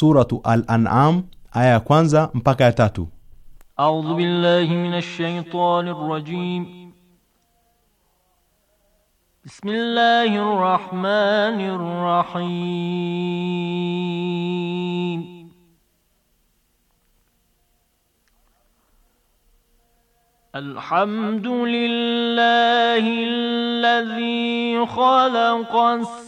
suratu Al-An'am aya ya kwanza mpaka ya tatu. A'udhu billahi minash shaitani rrajim. Bismillahir rahmanir rahim. الحمد لله الذي خلق السماوات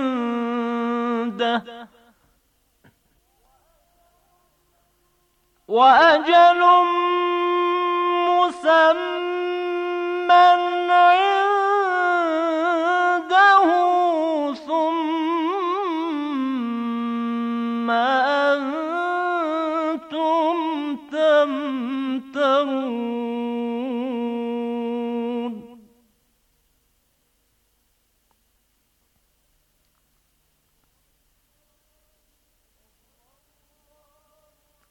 وأجل مسمى عنده ثم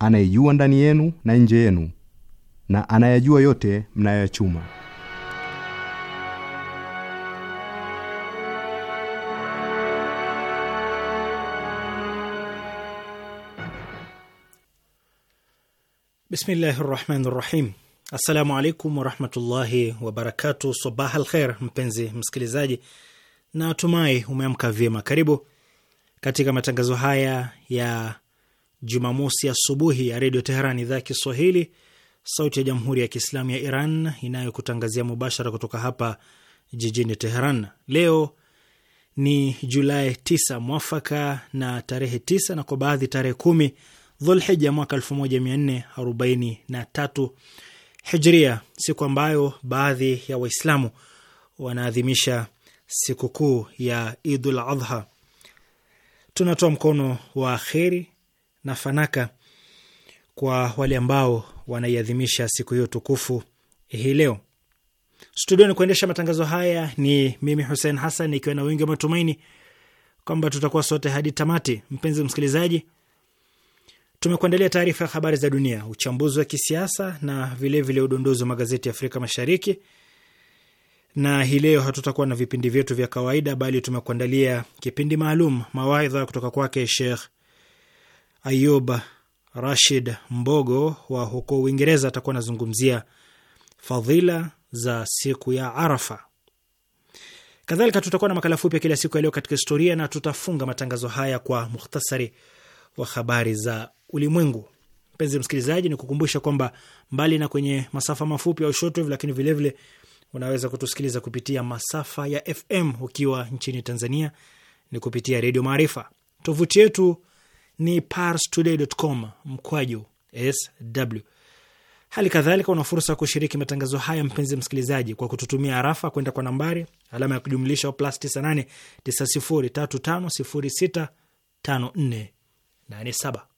anayejua ndani yenu na nje yenu na anayajua yote mnayoyachuma. Bismillahi rahmani rahim. Assalamu alaikum warahmatullahi wabarakatu. Sabah al kher, mpenzi msikilizaji, na tumai umeamka vyema. Karibu katika matangazo haya ya Jumamosi asubuhi ya Redio Teheran, idhaa ya Kiswahili, sauti ya Jamhuri ya Kiislamu ya Iran inayokutangazia mubashara kutoka hapa jijini Teheran. Leo ni Julai 9 mwafaka na tarehe 9 na kwa baadhi tarehe kumi Dhulhija mwaka 1443 Hijria, siku ambayo baadhi ya Waislamu wanaadhimisha sikukuu ya Idul Adha. Tunatoa mkono wa kheri na fanaka kwa wale ambao wanaiadhimisha siku hiyo tukufu hii leo. Studioni kuendesha matangazo haya ni mimi Hussein Hassan, ikiwa na wingi wa matumaini kwamba tutakuwa sote hadi tamati. Mpenzi msikilizaji, tumekuandalia taarifa ya habari za dunia, uchambuzi wa kisiasa na vilevile udondozi wa magazeti ya Afrika Mashariki, na hii leo hatutakuwa na vipindi vyetu vya kawaida, bali tumekuandalia kipindi maalum, mawaidha kutoka kwake Sheikh Ayub Rashid Mbogo wa huko Uingereza atakuwa anazungumzia fadhila za siku ya Arafa. Kadhalika tutakuwa na makala fupi ya kila siku yaliyo katika historia na tutafunga matangazo haya kwa muhtasari wa habari za ulimwengu. Mpenzi msikilizaji, ni kukumbusha kwamba mbali na kwenye masafa mafupi au shortwave, lakini vilevile unaweza kutusikiliza kupitia masafa ya FM ukiwa nchini Tanzania ni kupitia Redio Maarifa. Tovuti yetu ni parstoday.com mkwaju sw. Hali kadhalika una fursa ya kushiriki matangazo haya, mpenzi msikilizaji, kwa kututumia arafa kwenda kwa nambari alama ya kujumlisha plus 98 9035065487.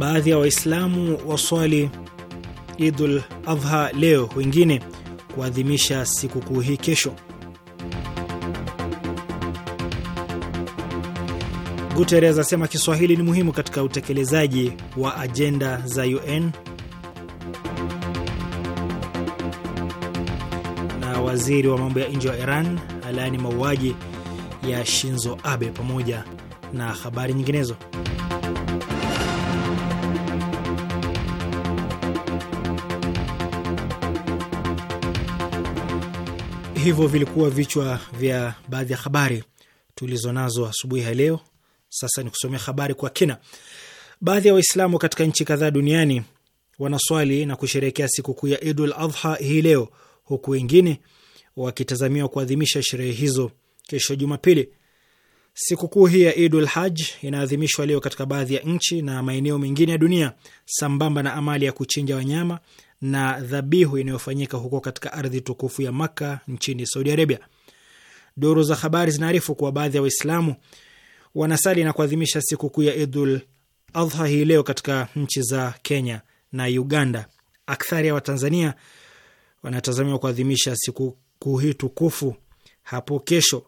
Baadhi ya Waislamu waswali Idul Adha leo, wengine kuadhimisha sikukuu hii kesho. Guterres asema Kiswahili ni muhimu katika utekelezaji wa ajenda za UN. Na waziri wa mambo ya nje wa Iran alaani mauaji ya Shinzo Abe, pamoja na habari nyinginezo. hivyo vilikuwa vichwa vya baadhi ya habari tulizonazo asubuhi ya leo. Sasa ni kusomea habari kwa kina. Baadhi ya Waislamu katika nchi kadhaa duniani wanaswali na kusherehekea sikukuu ya Idul Adha hii leo, huku wengine wakitazamiwa kuadhimisha sherehe hizo kesho Jumapili. Sikukuu hii ya Idul Haj inaadhimishwa leo katika baadhi ya nchi na maeneo mengine ya dunia, sambamba na amali ya kuchinja wanyama na dhabihu inayofanyika huko katika ardhi tukufu ya Makka nchini Saudi Arabia. Duru za habari zinaarifu kuwa baadhi ya Waislamu wanasali na kuadhimisha sikukuu ya Idul Adha hii leo katika nchi za Kenya na Uganda. Akthari ya Watanzania wanatazamiwa kuadhimisha sikukuu hii tukufu hapo kesho.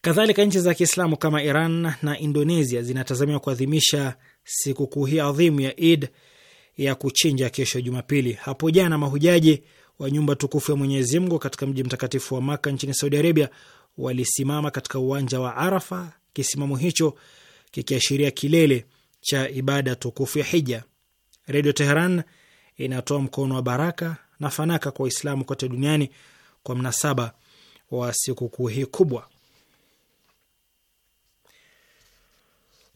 Kadhalika, nchi za Kiislamu kama Iran na Indonesia zinatazamiwa kuadhimisha sikukuu hii adhimu ya Id ya kuchinja kesho Jumapili. Hapo jana mahujaji wa nyumba tukufu ya Mwenyezi Mungu katika mji mtakatifu wa Maka nchini Saudi Arabia walisimama katika uwanja wa Arafa, kisimamo hicho kikiashiria kilele cha ibada tukufu ya hija. Redio Teheran inatoa mkono wa baraka na fanaka kwa Waislamu kote duniani kwa mnasaba wa sikukuu hii kubwa.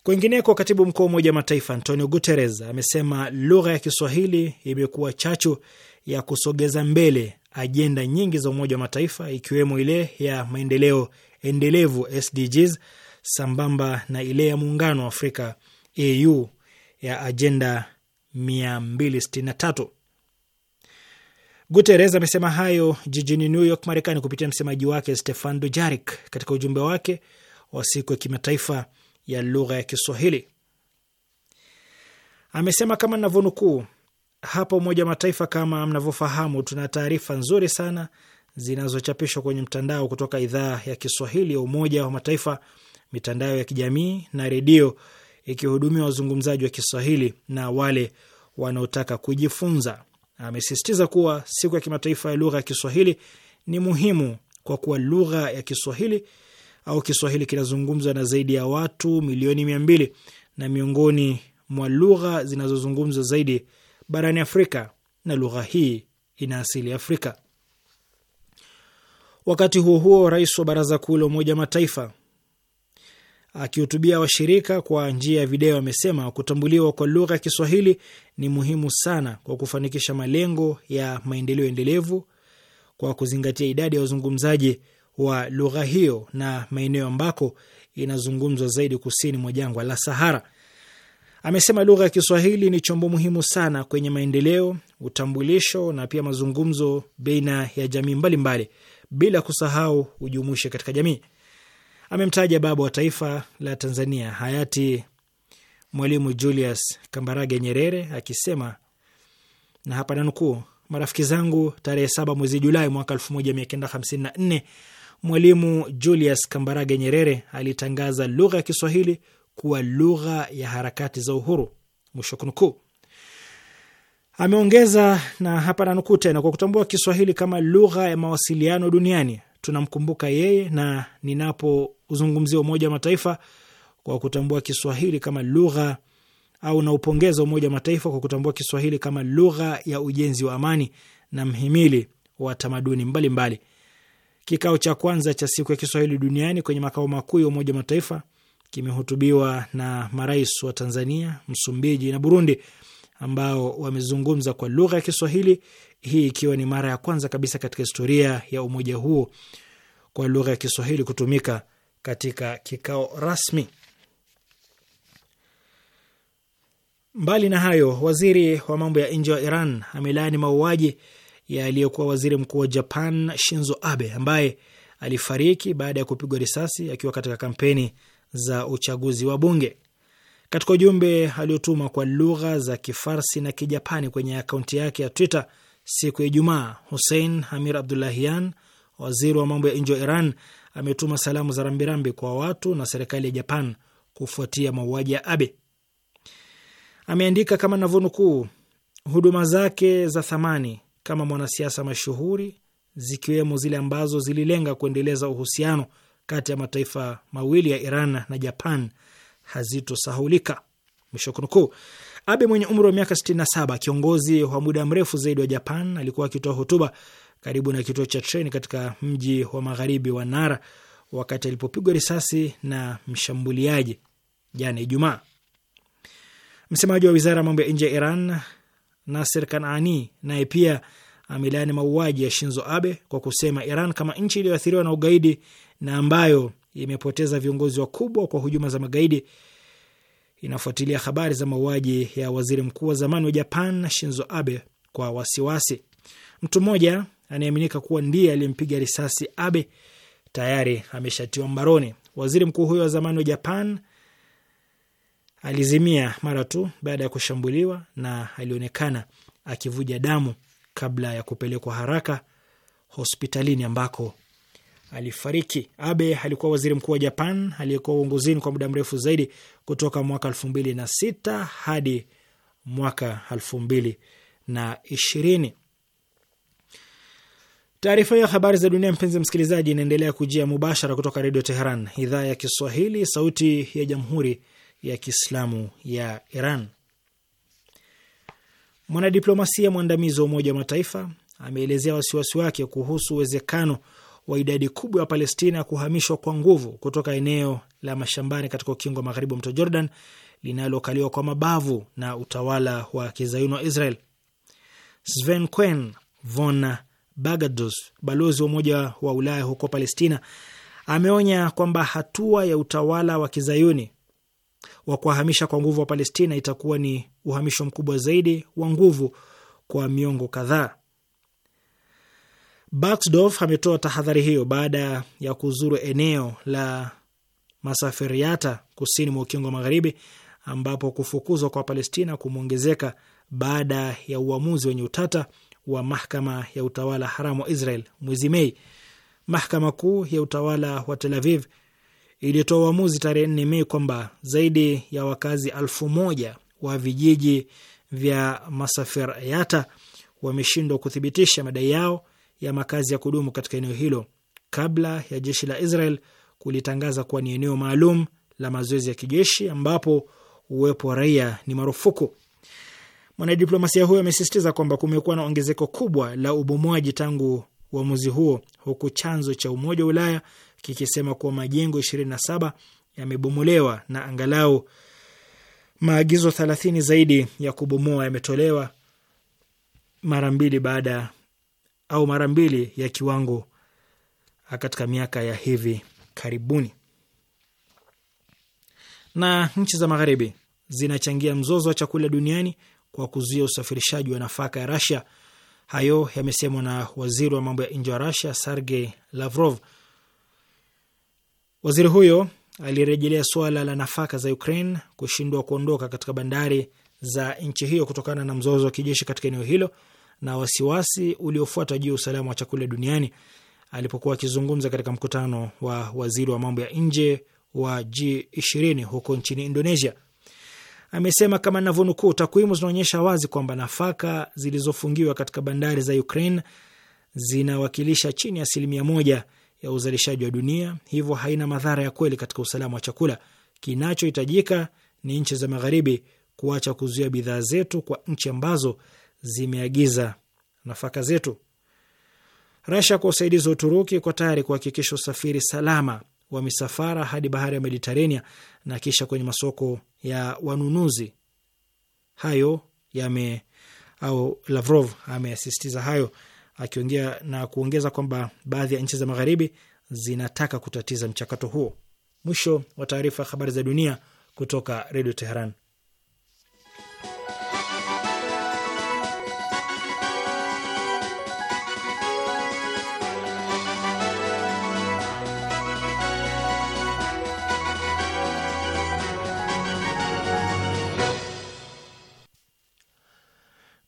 Kwingineko, katibu mkuu wa Umoja wa Mataifa Antonio Guterres amesema lugha ya Kiswahili imekuwa chachu ya kusogeza mbele ajenda nyingi za Umoja wa Mataifa ikiwemo ile ya maendeleo endelevu SDGs sambamba na ile ya Muungano wa Afrika AU ya ajenda 263. Guterres amesema hayo jijini New York, Marekani, kupitia msemaji wake Stefan Dujarik katika ujumbe wake wa siku ya kimataifa ya lugha ya Kiswahili. Amesema kama navyonukuu hapa, Umoja wa Mataifa, kama mnavyofahamu, tuna taarifa nzuri sana zinazochapishwa kwenye mtandao kutoka idhaa ya Kiswahili ya Umoja wa Mataifa, mitandao ya kijamii na redio, ikihudumia wazungumzaji wa Kiswahili na wale wanaotaka kujifunza. Amesisitiza kuwa siku ya kimataifa ya lugha ya Kiswahili ni muhimu kwa kuwa lugha ya Kiswahili au Kiswahili kinazungumzwa na zaidi ya watu milioni mia mbili na miongoni mwa lugha zinazozungumzwa zaidi barani Afrika, na lugha hii ina asili Afrika. Wakati huo huo, rais wa Baraza Kuu la Umoja Mataifa akihutubia washirika kwa njia ya video amesema kutambuliwa kwa lugha ya Kiswahili ni muhimu sana kwa kufanikisha malengo ya maendeleo endelevu kwa kuzingatia idadi ya wazungumzaji wa lugha hiyo na maeneo ambako inazungumzwa zaidi kusini mwa jangwa la Sahara. Amesema lugha ya Kiswahili ni chombo muhimu sana kwenye maendeleo, utambulisho na pia mazungumzo baina ya jamii mbalimbali mbali, bila kusahau ujumuishe katika jamii. Amemtaja baba wa taifa la Tanzania hayati Mwalimu Julius Kambarage Nyerere akisema, na hapa nanukuu: marafiki zangu, tarehe saba mwezi Julai mwaka elfu moja mia kenda hamsini na nne Mwalimu Julius Kambarage Nyerere alitangaza lugha ya Kiswahili kuwa lugha ya harakati za uhuru, mwisho kunukuu. Ameongeza na hapa nanukuu tena, kwa kutambua Kiswahili kama lugha ya mawasiliano duniani tunamkumbuka yeye, na ninapouzungumzia Umoja wa Mataifa kwa kutambua Kiswahili kama lugha au naupongeza Umoja wa Mataifa kwa kutambua Kiswahili kama lugha ya ujenzi wa amani na mhimili wa tamaduni mbalimbali. mbali. Kikao cha kwanza cha siku ya Kiswahili duniani kwenye makao makuu ya Umoja wa Mataifa kimehutubiwa na marais wa Tanzania, Msumbiji na Burundi ambao wamezungumza kwa lugha ya Kiswahili, hii ikiwa ni mara ya kwanza kabisa katika historia ya umoja huo kwa lugha ya Kiswahili kutumika katika kikao rasmi. Mbali na hayo, waziri wa mambo ya nje wa Iran amelaani mauaji ya aliyekuwa waziri mkuu wa Japan Shinzo Abe ambaye alifariki baada ya kupigwa risasi akiwa katika kampeni za uchaguzi wa bunge. Katika ujumbe aliotuma kwa lugha za Kifarsi na Kijapani kwenye akaunti yake ya Twitter siku ya Ijumaa, Hussein Hamir Abdullahian, waziri wa mambo ya nje wa Iran, ametuma salamu za rambirambi kwa watu na serikali ya Japan kufuatia mauaji ya Abe. Ameandika kama navyonukuu, huduma zake za thamani kama mwanasiasa mashuhuri, zikiwemo zile ambazo zililenga kuendeleza uhusiano kati ya mataifa mawili ya Iran na Japan hazitosahulika. Mwisho kunukuu. Abe mwenye umri wa miaka 67, kiongozi wa muda mrefu zaidi wa Japan, alikuwa akitoa hotuba karibu na kituo cha treni katika mji wa magharibi wa Nara wakati alipopigwa risasi na mshambuliaji jana Ijumaa. Msemaji wa wizara ya mambo ya nje ya Iran nasir Kanani naye pia amelaani mauaji ya Shinzo Abe kwa kusema Iran kama nchi iliyoathiriwa na ugaidi na ambayo imepoteza viongozi wakubwa kwa hujuma za magaidi inafuatilia habari za mauaji ya waziri mkuu wa zamani wa Japan Shinzo Abe kwa wasiwasi. Mtu mmoja anayeaminika kuwa ndiye aliyempiga risasi Abe tayari ameshatiwa mbaroni. Waziri mkuu huyo wa zamani wa Japan alizimia mara tu baada ya kushambuliwa na alionekana akivuja damu kabla ya kupelekwa haraka hospitalini ambako alifariki. Abe alikuwa waziri mkuu wa Japan aliyekuwa uongozini kwa muda mrefu zaidi kutoka mwaka elfu mbili na sita hadi mwaka elfu mbili na ishirini. Taarifa hiyo habari za dunia, mpenzi msikilizaji, inaendelea kujia mubashara kutoka Redio Teheran, idhaa ya Kiswahili, sauti ya jamhuri ya Kiislamu ya Iran. Mwanadiplomasia mwandamizi wa Umoja wa Mataifa ameelezea wasiwasi wake kuhusu uwezekano wa idadi kubwa ya Palestina kuhamishwa kwa nguvu kutoka eneo la mashambani katika ukingo wa magharibi wa mto Jordan linalokaliwa kwa mabavu na utawala wa kizayuni wa Israel. Sven quen von Bagadus, balozi wa Umoja wa Ulaya huko Palestina, ameonya kwamba hatua ya utawala wa kizayuni wa kuwahamisha kwa nguvu wa Palestina itakuwa ni uhamisho mkubwa zaidi wa nguvu kwa miongo kadhaa. Baxdorf ametoa tahadhari hiyo baada ya kuzuru eneo la Masaferiata kusini mwa ukingo wa Magharibi, ambapo kufukuzwa kwa Palestina kumeongezeka baada ya uamuzi wenye utata wa mahakama ya utawala haramu wa Israel mwezi Mei. Mahakama kuu ya utawala wa Tel Aviv ilitoa uamuzi tarehe nne Mei kwamba zaidi ya wakazi alfu moja wa vijiji vya Yata wameshindwa kuthibitisha madai yao ya makazi ya kudumu katika eneo hilo kabla ya jeshi la Israel kulitangaza kuwa ni eneo maalum la mazoezi ya kijeshi ambapo uwepo wa raia ni marufuku. Mwanadiplomasia huyo amesisitiza kwamba kumekuwa na ongezeko kubwa la ubomwaji tangu uamuzi huo, huku chanzo cha Umoja wa Ulaya kikisema kuwa majengo 27 yamebomolewa na angalau maagizo 30 zaidi ya kubomoa yametolewa mara mbili baada au mara mbili ya kiwango katika miaka ya hivi karibuni. Na nchi za magharibi zinachangia mzozo wa chakula duniani kwa kuzuia usafirishaji wa nafaka ya Rasia. Hayo yamesemwa na waziri wa mambo ya nje wa Rasia Sergey Lavrov Waziri huyo alirejelea suala la nafaka za Ukraine kushindwa kuondoka katika bandari za nchi hiyo kutokana na mzozo wa kijeshi katika eneo hilo na wasiwasi uliofuata juu ya usalama wa chakula duniani alipokuwa akizungumza katika mkutano wa waziri wa mambo ya nje wa G20 huko nchini Indonesia. Amesema kama navyonukuu, takwimu zinaonyesha wazi kwamba nafaka zilizofungiwa katika bandari za Ukraine zinawakilisha chini ya asilimia moja ya uzalishaji wa dunia, hivyo haina madhara ya kweli katika usalama wa chakula. Kinachohitajika ni nchi za magharibi kuacha kuzuia bidhaa zetu kwa nchi ambazo zimeagiza nafaka zetu. Rasha kwa usaidizi wa Uturuki iko tayari kuhakikisha usafiri salama wa misafara hadi bahari ya Mediterania na kisha kwenye masoko ya wanunuzi. Hayo yame au Lavrov ameyasisitiza hayo akiongea na kuongeza kwamba baadhi ya nchi za magharibi zinataka kutatiza mchakato huo. Mwisho wa taarifa. Habari za dunia kutoka Redio Teheran.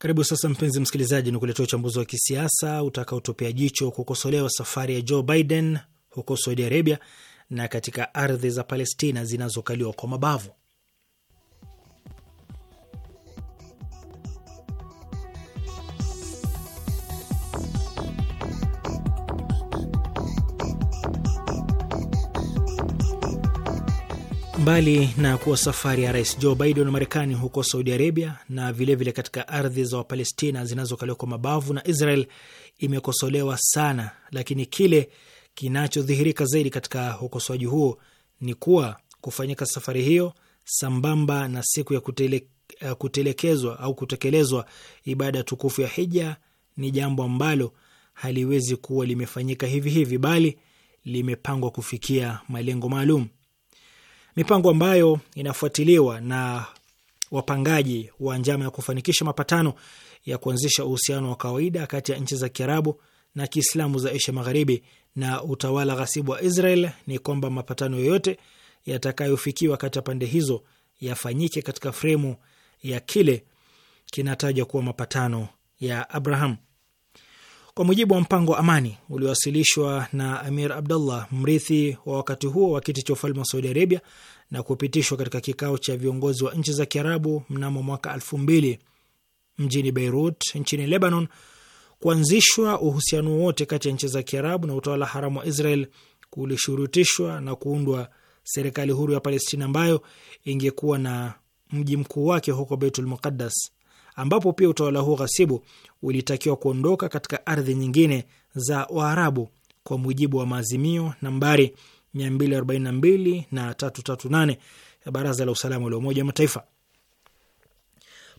Karibu sasa, mpenzi msikilizaji, ni kuletea uchambuzi wa kisiasa utakaotupia jicho kukosolewa safari ya Joe Biden huko Saudi Arabia na katika ardhi za Palestina zinazokaliwa kwa mabavu. Mbali na kuwa safari ya rais Joe Biden wa Marekani huko Saudi Arabia na vilevile vile katika ardhi za Wapalestina zinazokaliwa kwa mabavu na Israel imekosolewa sana, lakini kile kinachodhihirika zaidi katika ukosoaji huo ni kuwa kufanyika safari hiyo sambamba na siku ya kutele, eh, kutelekezwa au kutekelezwa ibada tukufu ya hija ni jambo ambalo haliwezi kuwa limefanyika hivi hivi, bali limepangwa kufikia malengo maalum mipango ambayo inafuatiliwa na wapangaji wa njama ya kufanikisha mapatano ya kuanzisha uhusiano wa kawaida kati ya nchi za Kiarabu na Kiislamu za Asia Magharibi na utawala ghasibu wa Israel ni kwamba mapatano yoyote yatakayofikiwa kati ya pande hizo yafanyike katika fremu ya kile kinatajwa kuwa mapatano ya Abraham. Kwa mujibu wa mpango wa amani uliowasilishwa na Amir Abdullah, mrithi wa wakati huo wa kiti cha ufalme wa Saudi Arabia, na kupitishwa katika kikao cha viongozi wa nchi za Kiarabu mnamo mwaka elfu mbili mjini Beirut nchini Lebanon, kuanzishwa uhusiano wote kati ya nchi za Kiarabu na utawala haramu wa Israel kulishurutishwa na kuundwa serikali huru ya Palestina ambayo ingekuwa na mji mkuu wake huko Beitul Muqaddas ambapo pia utawala huo ghasibu ulitakiwa kuondoka katika ardhi nyingine za Waarabu kwa mujibu wa maazimio nambari 242 na 338 ya Baraza la Usalama la Umoja wa Mataifa.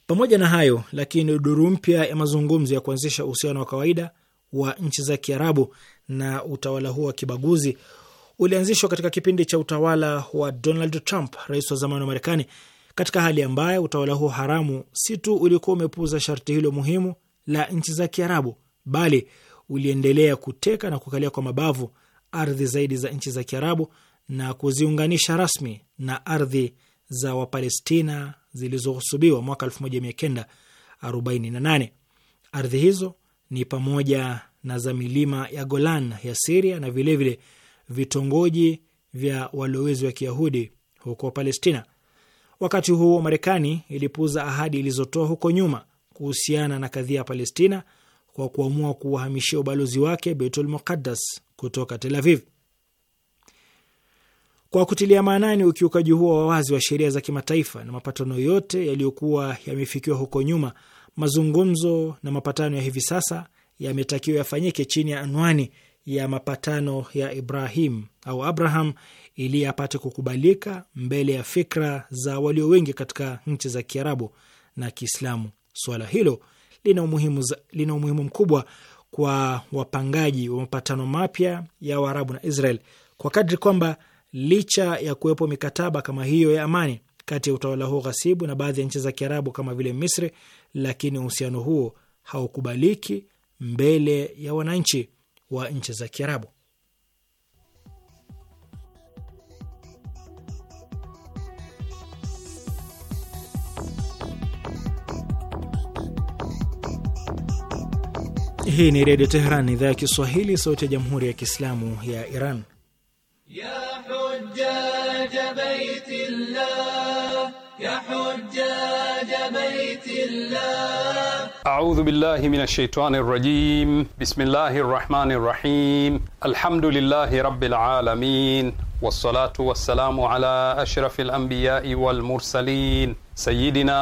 Pamoja na hayo lakini, duru mpya ya mazungumzo ya kuanzisha uhusiano wa kawaida wa nchi za Kiarabu na utawala huo wa kibaguzi ulianzishwa katika kipindi cha utawala wa Donald Trump, rais wa zamani wa Marekani, katika hali ambayo utawala huo haramu si tu ulikuwa umepuuza sharti hilo muhimu la nchi za Kiarabu, bali uliendelea kuteka na kukalia kwa mabavu ardhi zaidi za nchi za Kiarabu na kuziunganisha rasmi na ardhi za Wapalestina zilizohusubiwa mwaka 1948. Ardhi hizo ni pamoja na za milima ya Golan ya Siria na vilevile vile vitongoji vya walowezi wa Kiyahudi huko Palestina. Wakati huo Marekani ilipuuza ahadi ilizotoa huko nyuma kuhusiana na kadhia ya Palestina kwa kuamua kuwahamishia ubalozi wake Beitul Muqaddas kutoka Tel Aviv. Kwa kutilia maanani ukiukaji huo wa wazi wa sheria za kimataifa na mapatano yote yaliyokuwa yamefikiwa huko nyuma, mazungumzo na mapatano ya hivi sasa yametakiwa yafanyike chini ya anwani ya mapatano ya Ibrahim au Abraham ili apate kukubalika mbele ya fikra za walio wengi katika nchi za Kiarabu na Kiislamu. Suala hilo lina umuhimu, lina umuhimu mkubwa kwa wapangaji wa mapatano mapya ya Waarabu na Israel kwa kadri kwamba licha ya kuwepo mikataba kama hiyo ya amani kati ya utawala huo ghasibu na baadhi ya nchi za Kiarabu kama vile Misri, lakini uhusiano huo haukubaliki mbele ya wananchi wa nchi za Kiarabu. Hii ni Redio Tehran, idhaa ya Kiswahili, sauti ya Jamhuri ya Kiislamu ya Iran. ya hujjaja baitillah ya hujjaja baitillah. Audhu billahi minash shaitani rajim. Bismillahir rahmanir rahim. Alhamdulillahi rabbil alamin wassalatu wassalamu ala ashrafil anbiya'i wal mursalin sayidina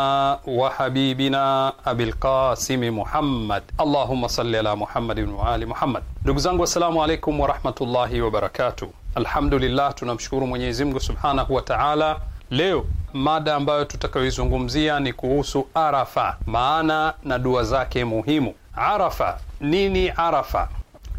wa habibina Abil Muhammad, Allahumma sali ala Muhammadin wa ali Muhammad. Ndugu zangu, assalamu alaikum warahmatullahi rahmatullahi wa Alhamdulillah, tunamshukuru Mwenyezi Mungu Subhanahu wa Ta'ala. Leo mada ambayo tutakayoizungumzia ni kuhusu Arafa, maana na dua zake muhimu. Arafa, nini Arafa?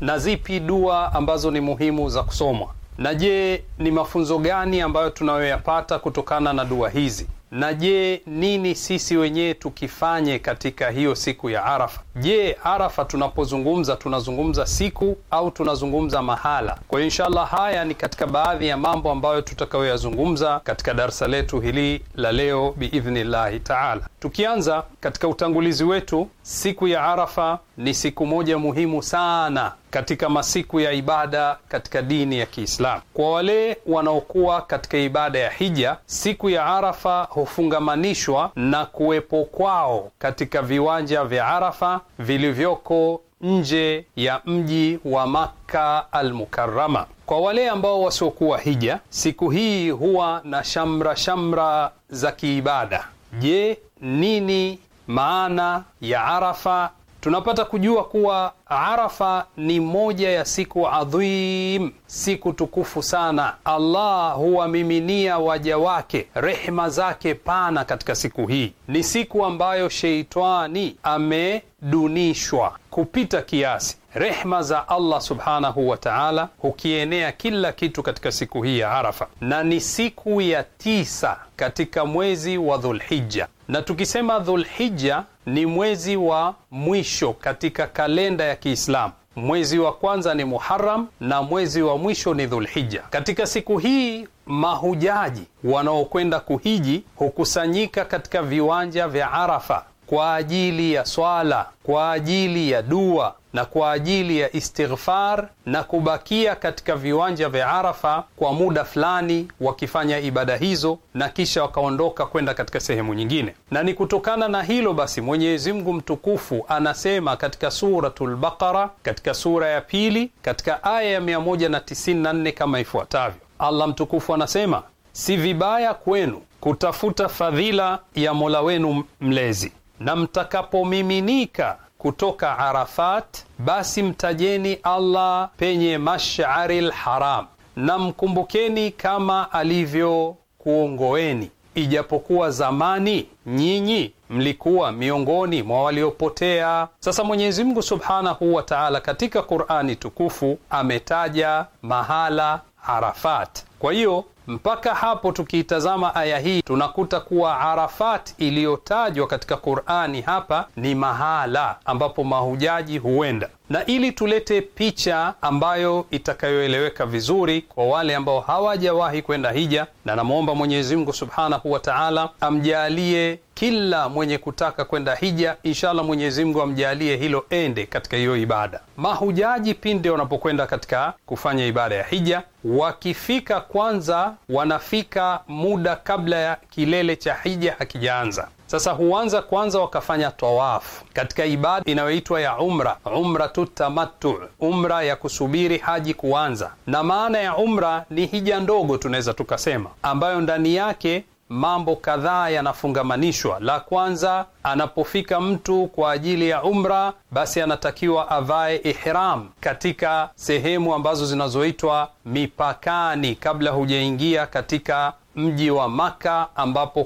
Na zipi dua ambazo ni muhimu za kusomwa? Na je, ni mafunzo gani ambayo tunayoyapata kutokana na dua hizi? na je, nini sisi wenyewe tukifanye katika hiyo siku ya Arafa? Je, Arafa tunapozungumza tunazungumza siku au tunazungumza mahala? Kwa hiyo inshallah, haya ni katika baadhi ya mambo ambayo tutakayoyazungumza katika darsa letu hili la leo biidhnillahi taala. Tukianza katika utangulizi wetu, siku ya Arafa ni siku moja muhimu sana katika masiku ya ibada katika dini ya Kiislamu. Kwa wale wanaokuwa katika ibada ya hija, siku ya Arafa hufungamanishwa na kuwepo kwao katika viwanja vya Arafa vilivyoko nje ya mji wa Makka Almukarama. Kwa wale ambao wasiokuwa hija, siku hii huwa na shamra shamra za kiibada. Je, nini maana ya Arafa? tunapata kujua kuwa Arafa ni moja ya siku adhim, siku tukufu sana. Allah huwamiminia waja wake rehma zake pana katika siku hii. Ni siku ambayo sheitani amedunishwa kupita kiasi. Rehma za Allah subhanahu wa taala hukienea kila kitu katika siku hii ya Arafa, na ni siku ya tisa katika mwezi wa Dhulhija. Na tukisema Dhulhija ni mwezi wa mwisho katika kalenda ya Kiislamu. Mwezi wa kwanza ni muharam na mwezi wa mwisho ni Dhulhija. Katika siku hii mahujaji wanaokwenda kuhiji hukusanyika katika viwanja vya Arafa kwa ajili ya swala, kwa ajili ya dua na kwa ajili ya istighfar na kubakia katika viwanja vya Arafa kwa muda fulani wakifanya ibada hizo, na kisha wakaondoka kwenda katika sehemu nyingine. Na ni kutokana na hilo basi Mwenyezi Mungu mtukufu anasema katika Suratul Baqara, katika sura ya pili, katika aya ya 194 kama ifuatavyo. Allah mtukufu anasema, si vibaya kwenu kutafuta fadhila ya Mola wenu mlezi na mtakapomiminika kutoka Arafat, basi mtajeni Allah penye mashari lharam na mkumbukeni kama alivyokuongoeni, ijapokuwa zamani nyinyi mlikuwa miongoni mwa waliopotea. Sasa Mwenyezi Mungu Subhanahu wa Ta'ala katika Qur'ani tukufu ametaja mahala Arafat kwa hiyo mpaka hapo tukiitazama aya hii tunakuta kuwa Arafat iliyotajwa katika Qur'ani hapa ni mahala ambapo mahujaji huenda na ili tulete picha ambayo itakayoeleweka vizuri kwa wale ambao hawajawahi kwenda hija, na namwomba Mwenyezi Mungu subhanahu wa taala amjaalie kila mwenye kutaka kwenda hija, inshallah Mwenyezi Mungu amjaalie hilo, ende katika hiyo ibada. Mahujaji pinde wanapokwenda katika kufanya ibada ya hija, wakifika kwanza, wanafika muda kabla ya kilele cha hija hakijaanza. Sasa huanza kwanza wakafanya tawafu katika ibada inayoitwa ya umra, umratu tamattu, umra ya kusubiri haji kuanza. Na maana ya umra ni hija ndogo, tunaweza tukasema, ambayo ndani yake mambo kadhaa yanafungamanishwa. La kwanza, anapofika mtu kwa ajili ya umra, basi anatakiwa avae ihram katika sehemu ambazo zinazoitwa mipakani, kabla hujaingia katika mji wa Maka ambapo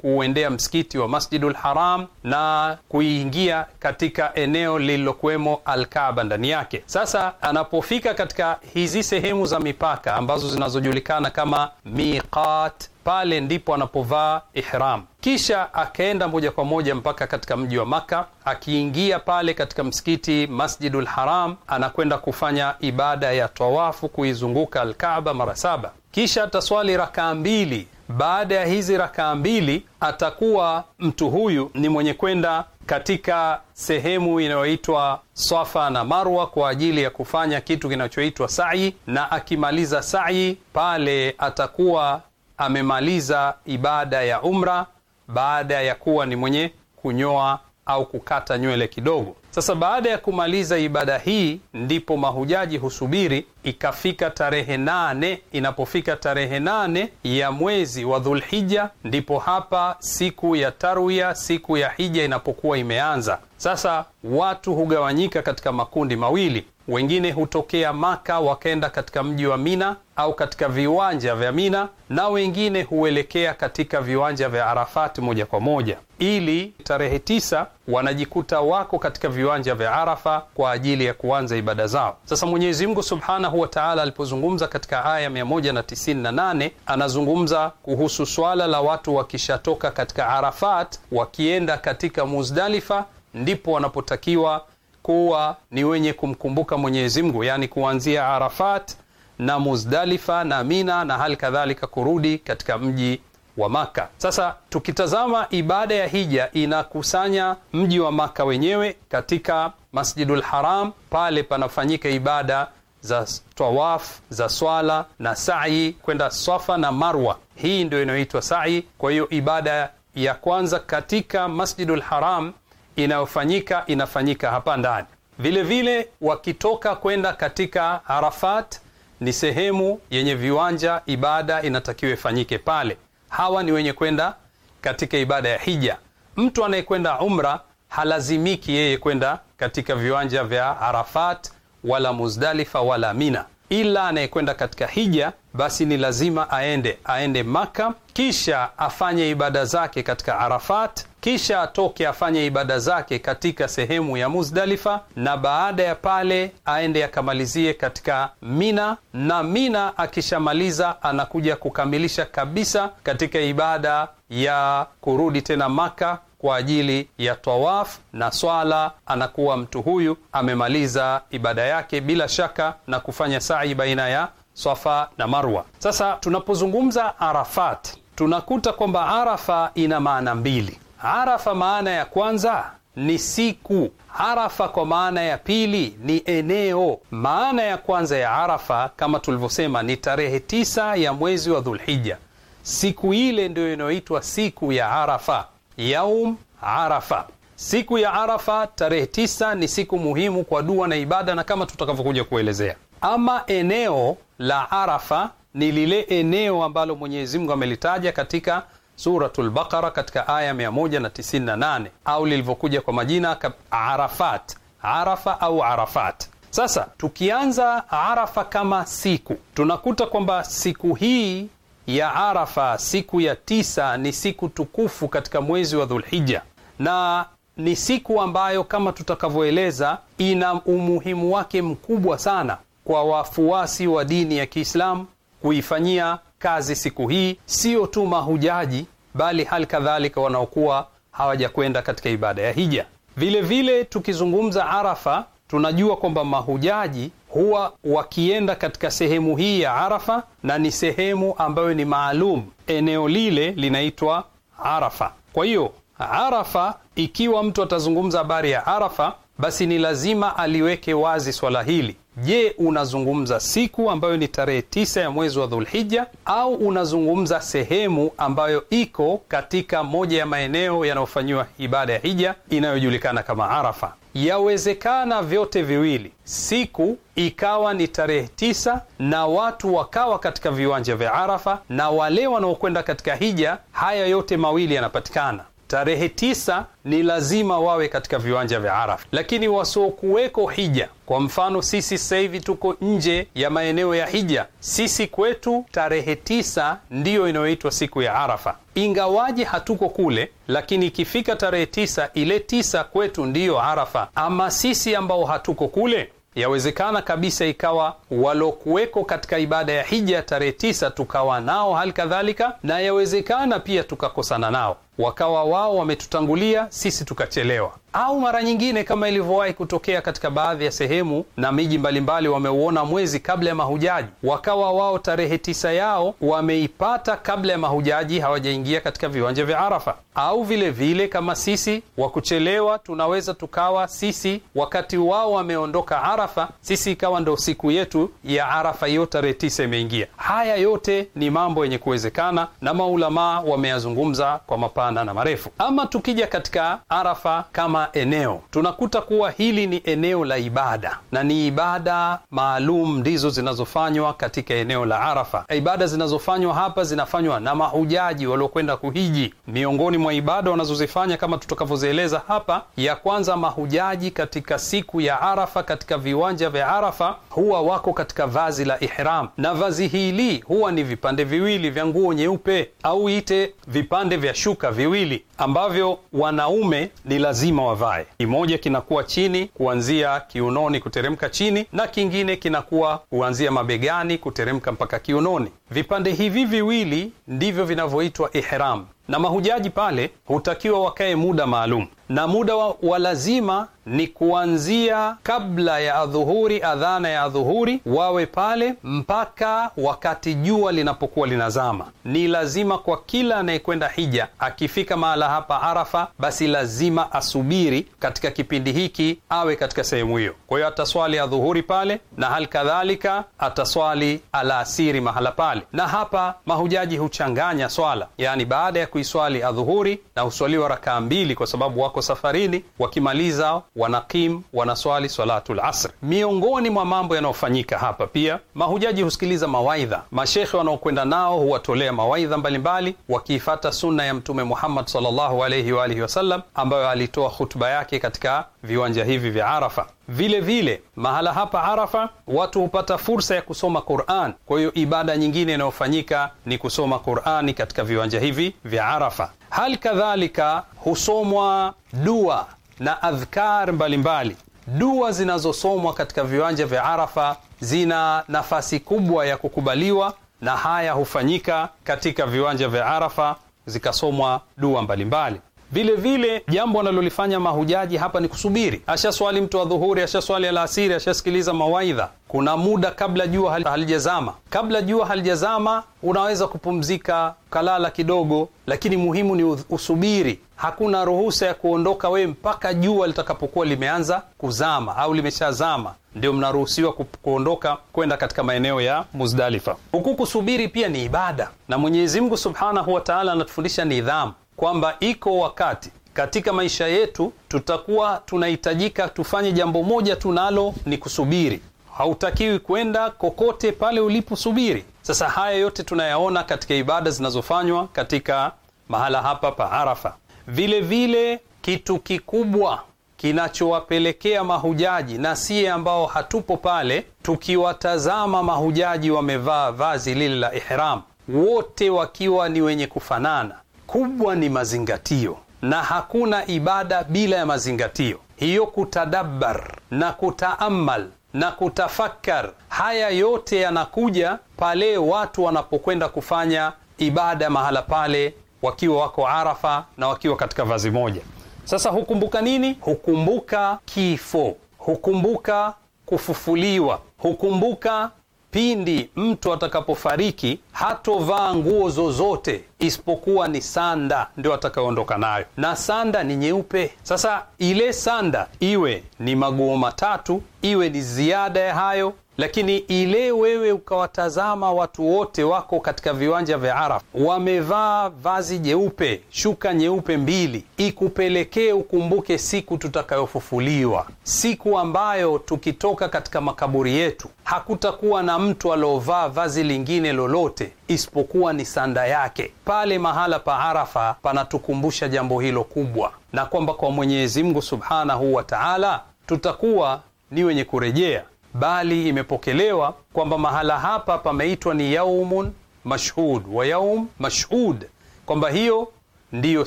kuuendea msikiti wa Masjidul Haram na kuingia katika eneo lililokuwemo Alkaaba ndani yake. Sasa anapofika katika hizi sehemu za mipaka ambazo zinazojulikana kama miqat, pale ndipo anapovaa ihram, kisha akaenda moja kwa moja mpaka katika mji wa makka Akiingia pale katika msikiti Masjidul Haram, anakwenda kufanya ibada ya tawafu kuizunguka alkaba mara saba kisha ataswali rakaa mbili. Baada ya hizi rakaa mbili, atakuwa mtu huyu ni mwenye kwenda katika sehemu inayoitwa Swafa na Marwa kwa ajili ya kufanya kitu kinachoitwa sa'i, na akimaliza sa'i pale atakuwa amemaliza ibada ya umra baada ya kuwa ni mwenye kunyoa au kukata nywele kidogo. Sasa baada ya kumaliza ibada hii, ndipo mahujaji husubiri ikafika tarehe nane. Inapofika tarehe nane ya mwezi wa Dhulhija, ndipo hapa siku ya tarwia siku ya hija inapokuwa imeanza. Sasa watu hugawanyika katika makundi mawili wengine hutokea Maka wakaenda katika mji wa Mina au katika viwanja vya Mina, na wengine huelekea katika viwanja vya Arafati moja kwa moja, ili tarehe tisa wanajikuta wako katika viwanja vya Arafa kwa ajili ya kuanza ibada zao. Sasa Mwenyezi Mungu subhanahu wa taala alipozungumza katika aya 198 anazungumza kuhusu swala la watu wakishatoka katika Arafat wakienda katika Muzdalifa ndipo wanapotakiwa kuwa ni wenye kumkumbuka Mwenyezi Mungu, yani kuanzia Arafat na Muzdalifa na Mina na hali kadhalika kurudi katika mji wa Maka. Sasa tukitazama ibada ya hija inakusanya mji wa Maka wenyewe katika Masjidul Haram, pale panafanyika ibada za tawaf za swala na sa'i kwenda swafa na Marwa. Hii ndio inayoitwa sa'i. Kwa hiyo ibada ya kwanza katika Masjidul Haram inayofanyika inafanyika hapa ndani. Vile vile wakitoka kwenda katika Arafat, ni sehemu yenye viwanja, ibada inatakiwa ifanyike pale. Hawa ni wenye kwenda katika ibada ya hija. Mtu anayekwenda umra halazimiki yeye kwenda katika viwanja vya Arafat wala Muzdalifa wala Mina, ila anayekwenda katika hija basi ni lazima aende aende Maka, kisha afanye ibada zake katika Arafat kisha atoke afanye ibada zake katika sehemu ya Muzdalifa, na baada ya pale aende akamalizie katika Mina, na Mina akishamaliza anakuja kukamilisha kabisa katika ibada ya kurudi tena Maka kwa ajili ya tawaf na swala. Anakuwa mtu huyu amemaliza ibada yake bila shaka na kufanya sai baina ya Swafa na Marwa. Sasa tunapozungumza Arafat, tunakuta kwamba Arafa ina maana mbili. Arafa maana ya kwanza ni siku. Arafa kwa maana ya pili ni eneo. Maana ya kwanza ya Arafa kama tulivyosema ni tarehe tisa ya mwezi wa Dhulhija. Siku ile ndiyo inayoitwa siku ya Arafa, yaum Arafa. Siku ya Arafa tarehe tisa ni siku muhimu kwa dua na ibada, na kama tutakavyokuja kuelezea. Ama eneo la Arafa ni lile eneo ambalo Mwenyezi Mungu amelitaja katika Suratul Baqara katika aya 198 au lilivyokuja kwa majina Arafat, Arafa au Arafat. Sasa tukianza Arafa kama siku, tunakuta kwamba siku hii ya Arafa, siku ya tisa, ni siku tukufu katika mwezi wa Dhulhija na ni siku ambayo kama tutakavyoeleza ina umuhimu wake mkubwa sana kwa wafuasi wa dini ya Kiislamu kuifanyia kazi siku hii, sio tu mahujaji, bali hali kadhalika wanaokuwa hawajakwenda katika ibada ya hija. vilevile vile tukizungumza Arafa, tunajua kwamba mahujaji huwa wakienda katika sehemu hii ya Arafa, na ni sehemu ambayo ni maalum. Eneo lile linaitwa Arafa. Kwa hiyo Arafa, ikiwa mtu atazungumza habari ya Arafa, basi ni lazima aliweke wazi swala hili Je, unazungumza siku ambayo ni tarehe tisa ya mwezi wa Dhulhija au unazungumza sehemu ambayo iko katika moja ya maeneo yanayofanyiwa ibada ya hija inayojulikana kama Arafa? Yawezekana vyote viwili, siku ikawa ni tarehe tisa na watu wakawa katika viwanja vya Arafa na wale wanaokwenda katika hija, haya yote mawili yanapatikana tarehe tisa ni lazima wawe katika viwanja vya Arafa, lakini wasiokuweko hija, kwa mfano sisi sasa hivi tuko nje ya maeneo ya hija, sisi kwetu tarehe tisa ndiyo inayoitwa siku ya Arafa, ingawaje hatuko kule, lakini ikifika tarehe tisa, ile tisa kwetu ndiyo Arafa. Ama sisi ambao hatuko kule yawezekana kabisa ikawa walokuweko katika ibada ya hija tarehe tisa tukawa nao hali kadhalika, na yawezekana pia tukakosana nao wakawa wao wametutangulia sisi tukachelewa, au mara nyingine kama ilivyowahi kutokea katika baadhi ya sehemu na miji mbalimbali, wameuona mwezi kabla ya mahujaji, wakawa wao tarehe tisa yao wameipata kabla ya mahujaji hawajaingia katika viwanja vya Arafa. Au vilevile vile, kama sisi wa kuchelewa, tunaweza tukawa sisi wakati wao wameondoka Arafa, sisi ikawa ndo siku yetu ya Arafa, hiyo tarehe tisa imeingia. Haya yote ni mambo yenye kuwezekana na maulamaa wameyazungumza kwa mapana mapana na marefu. Ama tukija katika Arafa kama eneo, tunakuta kuwa hili ni eneo la ibada na ni ibada maalum ndizo zinazofanywa katika eneo la Arafa. Ibada zinazofanywa hapa zinafanywa na mahujaji waliokwenda kuhiji. Miongoni mwa ibada wanazozifanya kama tutakavyozieleza hapa, ya kwanza mahujaji katika siku ya Arafa katika viwanja vya Arafa huwa wako katika vazi la ihram, na vazi hili huwa ni vipande viwili vya nguo nyeupe au ite vipande vya shuka viwili ambavyo wanaume ni lazima wavae. Kimoja kinakuwa chini kuanzia kiunoni kuteremka chini, na kingine kinakuwa kuanzia mabegani kuteremka mpaka kiunoni. Vipande hivi viwili ndivyo vinavyoitwa ihram, na mahujaji pale hutakiwa wakae muda maalum na muda wa, wa lazima ni kuanzia kabla ya adhuhuri, adhana ya adhuhuri, wawe pale mpaka wakati jua linapokuwa linazama. Ni lazima kwa kila anayekwenda hija, akifika mahala hapa Arafa, basi lazima asubiri katika kipindi hiki, awe katika sehemu hiyo. Kwa hiyo ataswali adhuhuri pale, na hali kadhalika ataswali alaasiri mahala pale. Na hapa mahujaji huchanganya swala, yani baada ya kuiswali adhuhuri na huswaliwa rakaa mbili kwa sababu wako wako safarini, wakimaliza wanakim wanaswali salatu lasr. Miongoni mwa mambo yanayofanyika hapa pia, mahujaji husikiliza mawaidha, mashekhe wanaokwenda nao huwatolea mawaidha mbalimbali, wakiifata sunna ya Mtume Muhammad sallallahu wa alihi wasallam, ambayo alitoa khutuba yake katika viwanja hivi vya Arafa. Vile vile mahala hapa Arafa watu hupata fursa ya kusoma Qur'an. Kwa hiyo ibada nyingine inayofanyika ni kusoma Qur'ani katika viwanja hivi vya Arafa. Hal kadhalika husomwa dua na adhkar mbalimbali. Dua zinazosomwa katika viwanja vya Arafa zina nafasi kubwa ya kukubaliwa, na haya hufanyika katika viwanja vya Arafa, zikasomwa dua mbalimbali mbali. Vile vile jambo analolifanya mahujaji hapa ni kusubiri. Ashaswali mtu wa dhuhuri, ashaswali alasiri, ashasikiliza mawaidha. Kuna muda kabla jua halijazama, kabla jua halijazama unaweza kupumzika, kalala kidogo, lakini muhimu ni usubiri. Hakuna ruhusa ya kuondoka wewe mpaka jua litakapokuwa limeanza kuzama au limeshazama, ndio mnaruhusiwa kuondoka kwenda katika maeneo ya Muzdalifa. Huku kusubiri pia ni ibada, na Mwenyezi Mungu subhanahu wataala anatufundisha nidhamu kwamba iko wakati katika maisha yetu tutakuwa tunahitajika tufanye jambo moja tu, nalo ni kusubiri. Hautakiwi kwenda kokote pale uliposubiri. Sasa haya yote tunayaona katika ibada zinazofanywa katika mahala hapa pa Arafa. Vile vile kitu kikubwa kinachowapelekea mahujaji na siye ambao hatupo pale, tukiwatazama mahujaji wamevaa vazi lile la ihram, wote wakiwa ni wenye kufanana kubwa ni mazingatio, na hakuna ibada bila ya mazingatio. Hiyo kutadabbar na kutaamal na kutafakar, haya yote yanakuja pale watu wanapokwenda kufanya ibada mahala pale, wakiwa wako Arafa na wakiwa katika vazi moja. Sasa hukumbuka nini? Hukumbuka kifo, hukumbuka kufufuliwa, hukumbuka pindi mtu atakapofariki hatovaa nguo zozote isipokuwa ni sanda, ndio atakayoondoka nayo, na sanda ni nyeupe. Sasa ile sanda iwe ni maguo matatu, iwe ni ziada ya hayo lakini ile wewe ukawatazama watu wote wako katika viwanja vya Arafa, wamevaa vazi jeupe, shuka nyeupe mbili, ikupelekee ukumbuke siku tutakayofufuliwa, siku ambayo tukitoka katika makaburi yetu hakutakuwa na mtu aliovaa vazi lingine lolote isipokuwa ni sanda yake. Pale mahala pa Arafa panatukumbusha jambo hilo kubwa, na kwamba kwa Mwenyezi Mungu subhanahu wa taala tutakuwa ni wenye kurejea bali imepokelewa kwamba mahala hapa pameitwa ni yaumun mashhud wa yaum mashhud, kwamba hiyo ndiyo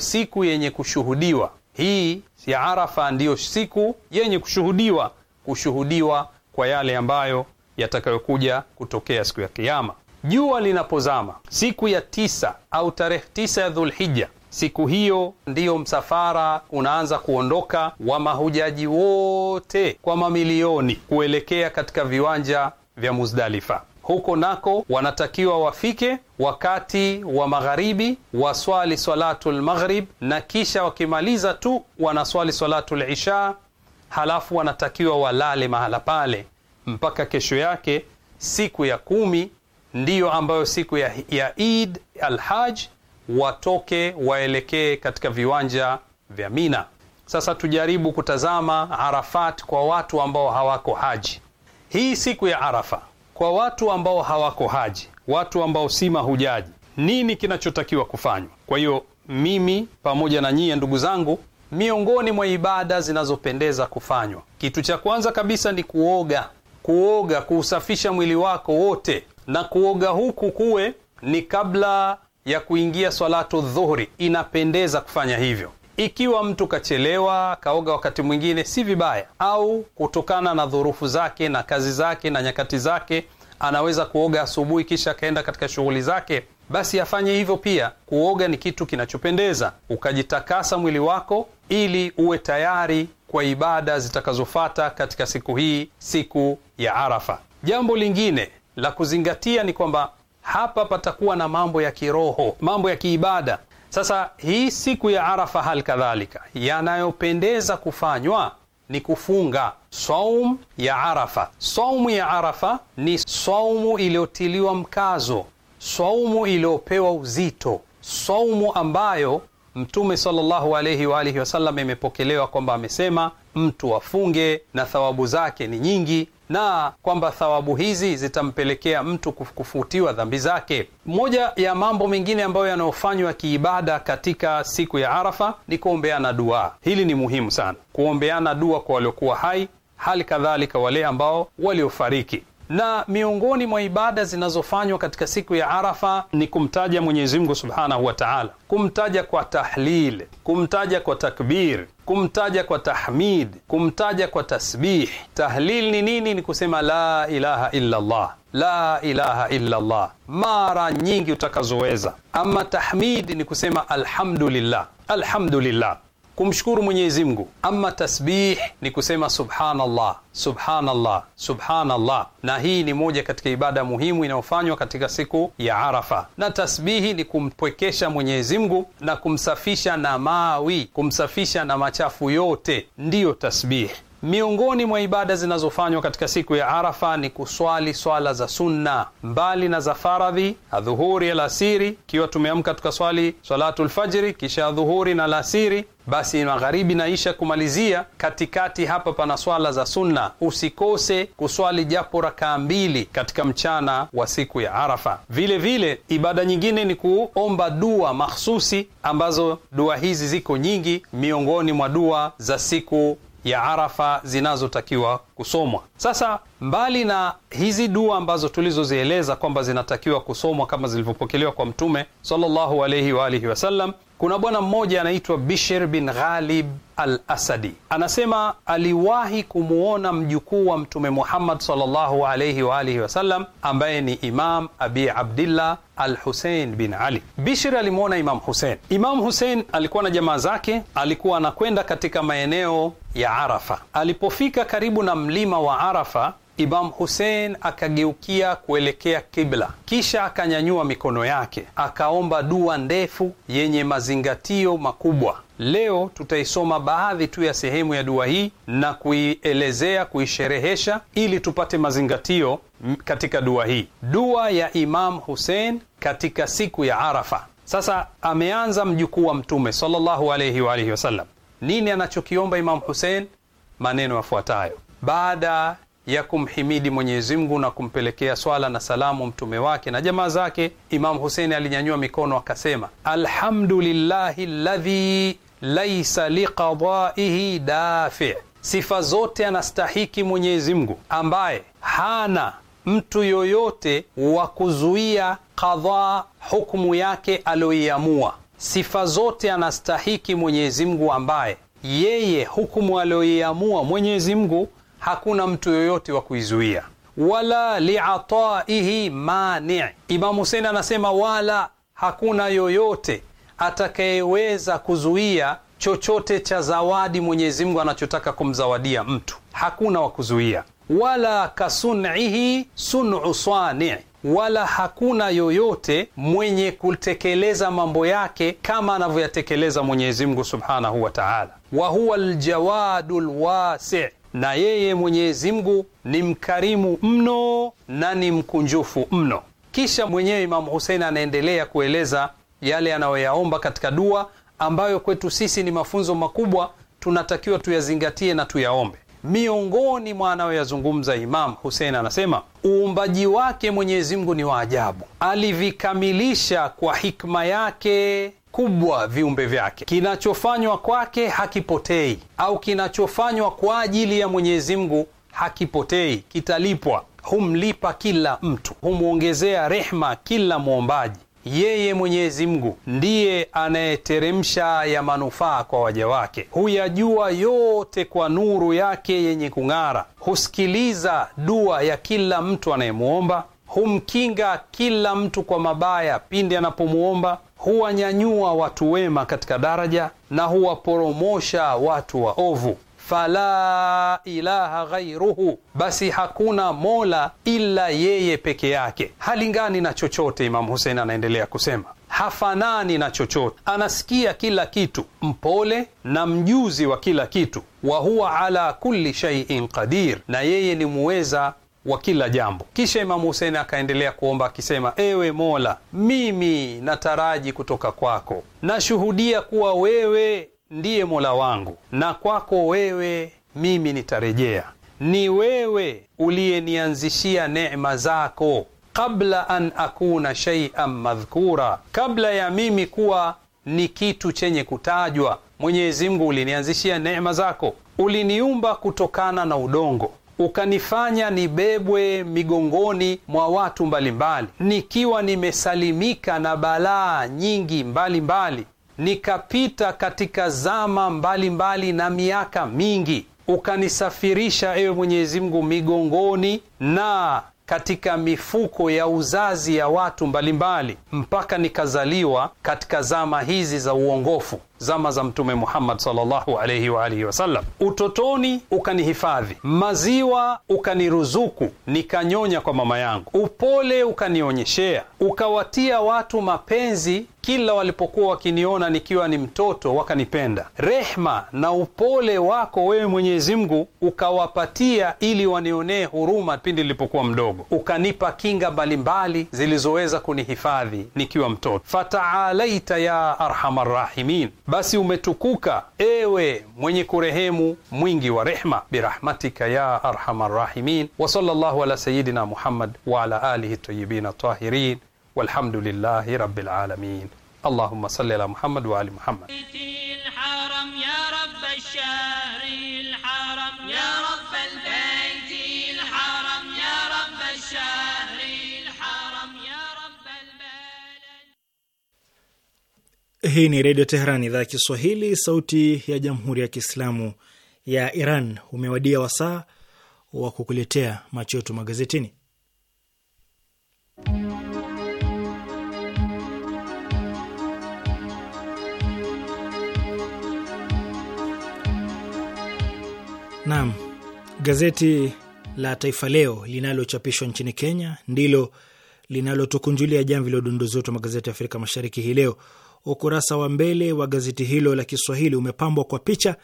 siku yenye kushuhudiwa. Hii ya Arafa ndiyo siku yenye kushuhudiwa, kushuhudiwa kwa yale ambayo yatakayokuja kutokea siku ya kiama Jua linapozama siku ya tisa au tarehe tisa ya Dhulhija Siku hiyo ndiyo msafara unaanza kuondoka wa mahujaji wote kwa mamilioni kuelekea katika viwanja vya Muzdalifa. Huko nako wanatakiwa wafike wakati wa magharibi, waswali swalatu lmaghrib na kisha wakimaliza tu wanaswali swalatu lisha halafu wanatakiwa walale mahala pale mpaka kesho yake, siku ya kumi ndiyo ambayo siku ya, ya Id Alhaj watoke waelekee katika viwanja vya Mina. Sasa tujaribu kutazama Arafat kwa watu ambao hawako haji. Hii siku ya Arafa kwa watu ambao hawako haji, watu ambao si mahujaji, nini kinachotakiwa kufanywa? Kwa hiyo mimi pamoja na nyiye ndugu zangu, miongoni mwa ibada zinazopendeza kufanywa, kitu cha kwanza kabisa ni kuoga. Kuoga, kuusafisha mwili wako wote, na kuoga huku kuwe ni kabla ya kuingia swalatu dhuhuri, inapendeza kufanya hivyo. Ikiwa mtu kachelewa kaoga, wakati mwingine si vibaya, au kutokana na dhurufu zake na kazi zake na nyakati zake, anaweza kuoga asubuhi kisha akaenda katika shughuli zake, basi afanye hivyo pia. Kuoga ni kitu kinachopendeza, ukajitakasa mwili wako ili uwe tayari kwa ibada zitakazofata katika siku hii, siku ya Arafa. Jambo lingine la kuzingatia ni kwamba hapa patakuwa na mambo ya kiroho, mambo ya kiibada. Sasa hii siku ya Arafa hal kadhalika, yanayopendeza kufanywa ni kufunga saumu ya Arafa. Saumu ya Arafa ni saumu iliyotiliwa mkazo, saumu iliyopewa uzito, saumu ambayo Mtume sallallahu alayhi wa alihi wasallam imepokelewa kwamba amesema mtu afunge na thawabu zake ni nyingi na kwamba thawabu hizi zitampelekea mtu kufutiwa dhambi zake. Moja ya mambo mengine ambayo yanayofanywa kiibada katika siku ya Arafa ni kuombeana dua. Hili ni muhimu sana, kuombeana dua kwa waliokuwa hai, hali kadhalika wale ambao waliofariki na miongoni mwa ibada zinazofanywa katika siku ya Arafa ni kumtaja Mwenyezi Mungu subhanahu wa taala, kumtaja kwa tahlil, kumtaja kwa takbir, kumtaja kwa tahmid, kumtaja kwa tasbih. Tahlil ni nini? Ni kusema la ilaha illa la ilaha illa Allah mara nyingi utakazoweza. Ama tahmid ni kusema alhamdulillah, alhamdulillah kumshukuru Mwenyezi Mungu. Ama tasbih ni kusema subhanallah, subhanallah, subhanallah, na hii ni moja katika ibada muhimu inayofanywa katika siku ya Arafa. Na tasbihi ni kumpwekesha Mwenyezi Mungu na kumsafisha na mawi, kumsafisha na machafu yote, ndiyo tasbih. Miongoni mwa ibada zinazofanywa katika siku ya Arafa ni kuswali swala za sunna mbali na za faradhi, adhuhuri, alasiri. Ikiwa tumeamka tukaswali salatu lfajri, kisha adhuhuri na alasiri, basi magharibi na isha kumalizia katikati. Hapa pana swala za sunna, usikose kuswali japo rakaa mbili katika mchana wa siku ya Arafa. Vile vile ibada nyingine ni kuomba dua mahsusi, ambazo dua hizi ziko nyingi, miongoni mwa dua za siku ya Arafa zinazotakiwa kusomwa. Sasa, mbali na hizi dua ambazo tulizozieleza kwamba zinatakiwa kusomwa kama zilivyopokelewa kwa Mtume sallallahu alayhi wa alihi wasallam kuna bwana mmoja anaitwa bishr bin Ghalib al-Asadi, anasema aliwahi kumwona mjukuu wa Mtume Muhammad sallallahu alayhi wa alihi wasallam ambaye ni Imam Abi Abdillah al-Husein bin Ali. Bishir alimwona Imam Husein. Imam Husein alikuwa na jamaa zake, alikuwa anakwenda katika maeneo ya Arafa. Alipofika karibu na mlima wa Arafa imam Hussein akageukia kuelekea kibla, kisha akanyanyua mikono yake akaomba dua ndefu yenye mazingatio makubwa. Leo tutaisoma baadhi tu ya sehemu ya dua hii na kuielezea, kuisherehesha ili tupate mazingatio katika dua hii, dua ya Imam Hussein katika siku ya Arafa. Sasa ameanza mjukuu wa Mtume sallallahu alayhi wa alihi wasallam. Nini anachokiomba Imam Hussein? Maneno yafuatayo baada ya kumhimidi Mwenyezi Mungu na kumpelekea swala na salamu mtume wake na jamaa zake. Imam Huseini alinyanyua mikono akasema, alhamdulillahi ladhi laisa liqadaihi dafi, sifa zote anastahiki Mwenyezi Mungu ambaye hana mtu yoyote wa kuzuia qadhaa, hukumu yake aliyoiamua. Sifa zote anastahiki Mwenyezi Mungu ambaye yeye hukumu aliyoiamua Mwenyezi Mungu hakuna mtu yoyote wa kuizuia, wala liataihi mani. Imam Husein anasema wala hakuna yoyote atakayeweza kuzuia chochote cha zawadi Mwenyezi Mungu anachotaka kumzawadia mtu, hakuna wa kuzuia. Wala kasunihi sunu sani, wala hakuna yoyote mwenye kutekeleza mambo yake kama anavyoyatekeleza Mwenyezi Mungu subhanahu wa taala. Wahuwa ljawadu lwasi na yeye Mwenyezi Mungu ni mkarimu mno na ni mkunjufu mno. Kisha mwenyewe Imamu Husein anaendelea kueleza yale anayoyaomba katika dua ambayo kwetu sisi ni mafunzo makubwa, tunatakiwa tuyazingatie na tuyaombe. Miongoni mwa anayoyazungumza Imamu Husein anasema uumbaji wake Mwenyezi Mungu ni wa ajabu, alivikamilisha kwa hikma yake kubwa viumbe vyake. Kinachofanywa kwake hakipotei, au kinachofanywa kwa ajili ya Mwenyezi Mungu hakipotei, kitalipwa. Humlipa kila mtu, humwongezea rehma kila mwombaji. Yeye Mwenyezi Mungu ndiye anayeteremsha ya manufaa kwa waja wake, huyajua yote kwa nuru yake yenye kung'ara, husikiliza dua ya kila mtu anayemwomba, humkinga kila mtu kwa mabaya pindi anapomwomba huwanyanyua watu wema katika daraja na huwaporomosha watu wa ovu Fala ilaha ghairuhu, basi hakuna mola ila yeye peke yake. Halingani na chochote. imamu Husein anaendelea kusema hafanani na chochote, anasikia kila kitu, mpole na mjuzi wa kila kitu. Wa huwa ala kulli shaiin qadir, na yeye ni muweza wa kila jambo. Kisha Imamu Husein akaendelea kuomba akisema, ewe Mola, mimi nataraji kutoka kwako, nashuhudia kuwa wewe ndiye Mola wangu na kwako wewe mimi nitarejea. Ni wewe uliyenianzishia neema zako kabla an akuna shaian madhkura, kabla ya mimi kuwa ni kitu chenye kutajwa. Mwenyezi Mungu, ulinianzishia neema zako, uliniumba kutokana na udongo ukanifanya nibebwe migongoni mwa watu mbalimbali mbali, nikiwa nimesalimika na balaa nyingi mbalimbali mbali. Nikapita katika zama mbalimbali mbali na miaka mingi, ukanisafirisha ewe Mwenyezi Mungu migongoni na katika mifuko ya uzazi ya watu mbalimbali mbali, mpaka nikazaliwa katika zama hizi za uongofu zama za Mtume Muhammad sallallahu wa alihi wasallam. Utotoni ukanihifadhi, maziwa ukaniruzuku, nikanyonya kwa mama yangu, upole ukanionyeshea, ukawatia watu mapenzi kila walipokuwa wakiniona nikiwa ni mtoto wakanipenda. Rehma na upole wako wewe Mwenyezi Mungu ukawapatia ili wanionee huruma pindi nilipokuwa mdogo. Ukanipa kinga mbalimbali zilizoweza kunihifadhi nikiwa mtoto. Fataalaita ya arhamar rahimin basi umetukuka ewe mwenye kurehemu mwingi wa rehma, birahmatika ya arhamar rahimin. Wa sallallahu ala sayidina Muhammad wa ala alihi tayyibin tahirin walhamdulillahi rabbil alamin. Allahumma salli ala Muhammad wa ali Muhammad. Hii ni Redio Teheran, idhaa ya Kiswahili, sauti ya Jamhuri ya Kiislamu ya Iran. Umewadia wasaa wa kukuletea macho yetu magazetini. Naam, gazeti la Taifa Leo linalochapishwa nchini Kenya ndilo linalotukunjulia jamvi la udondozi wetu wa magazeti ya Afrika Mashariki hii leo ukurasa wa mbele wa gazeti hilo la Kiswahili umepambwa kwa picha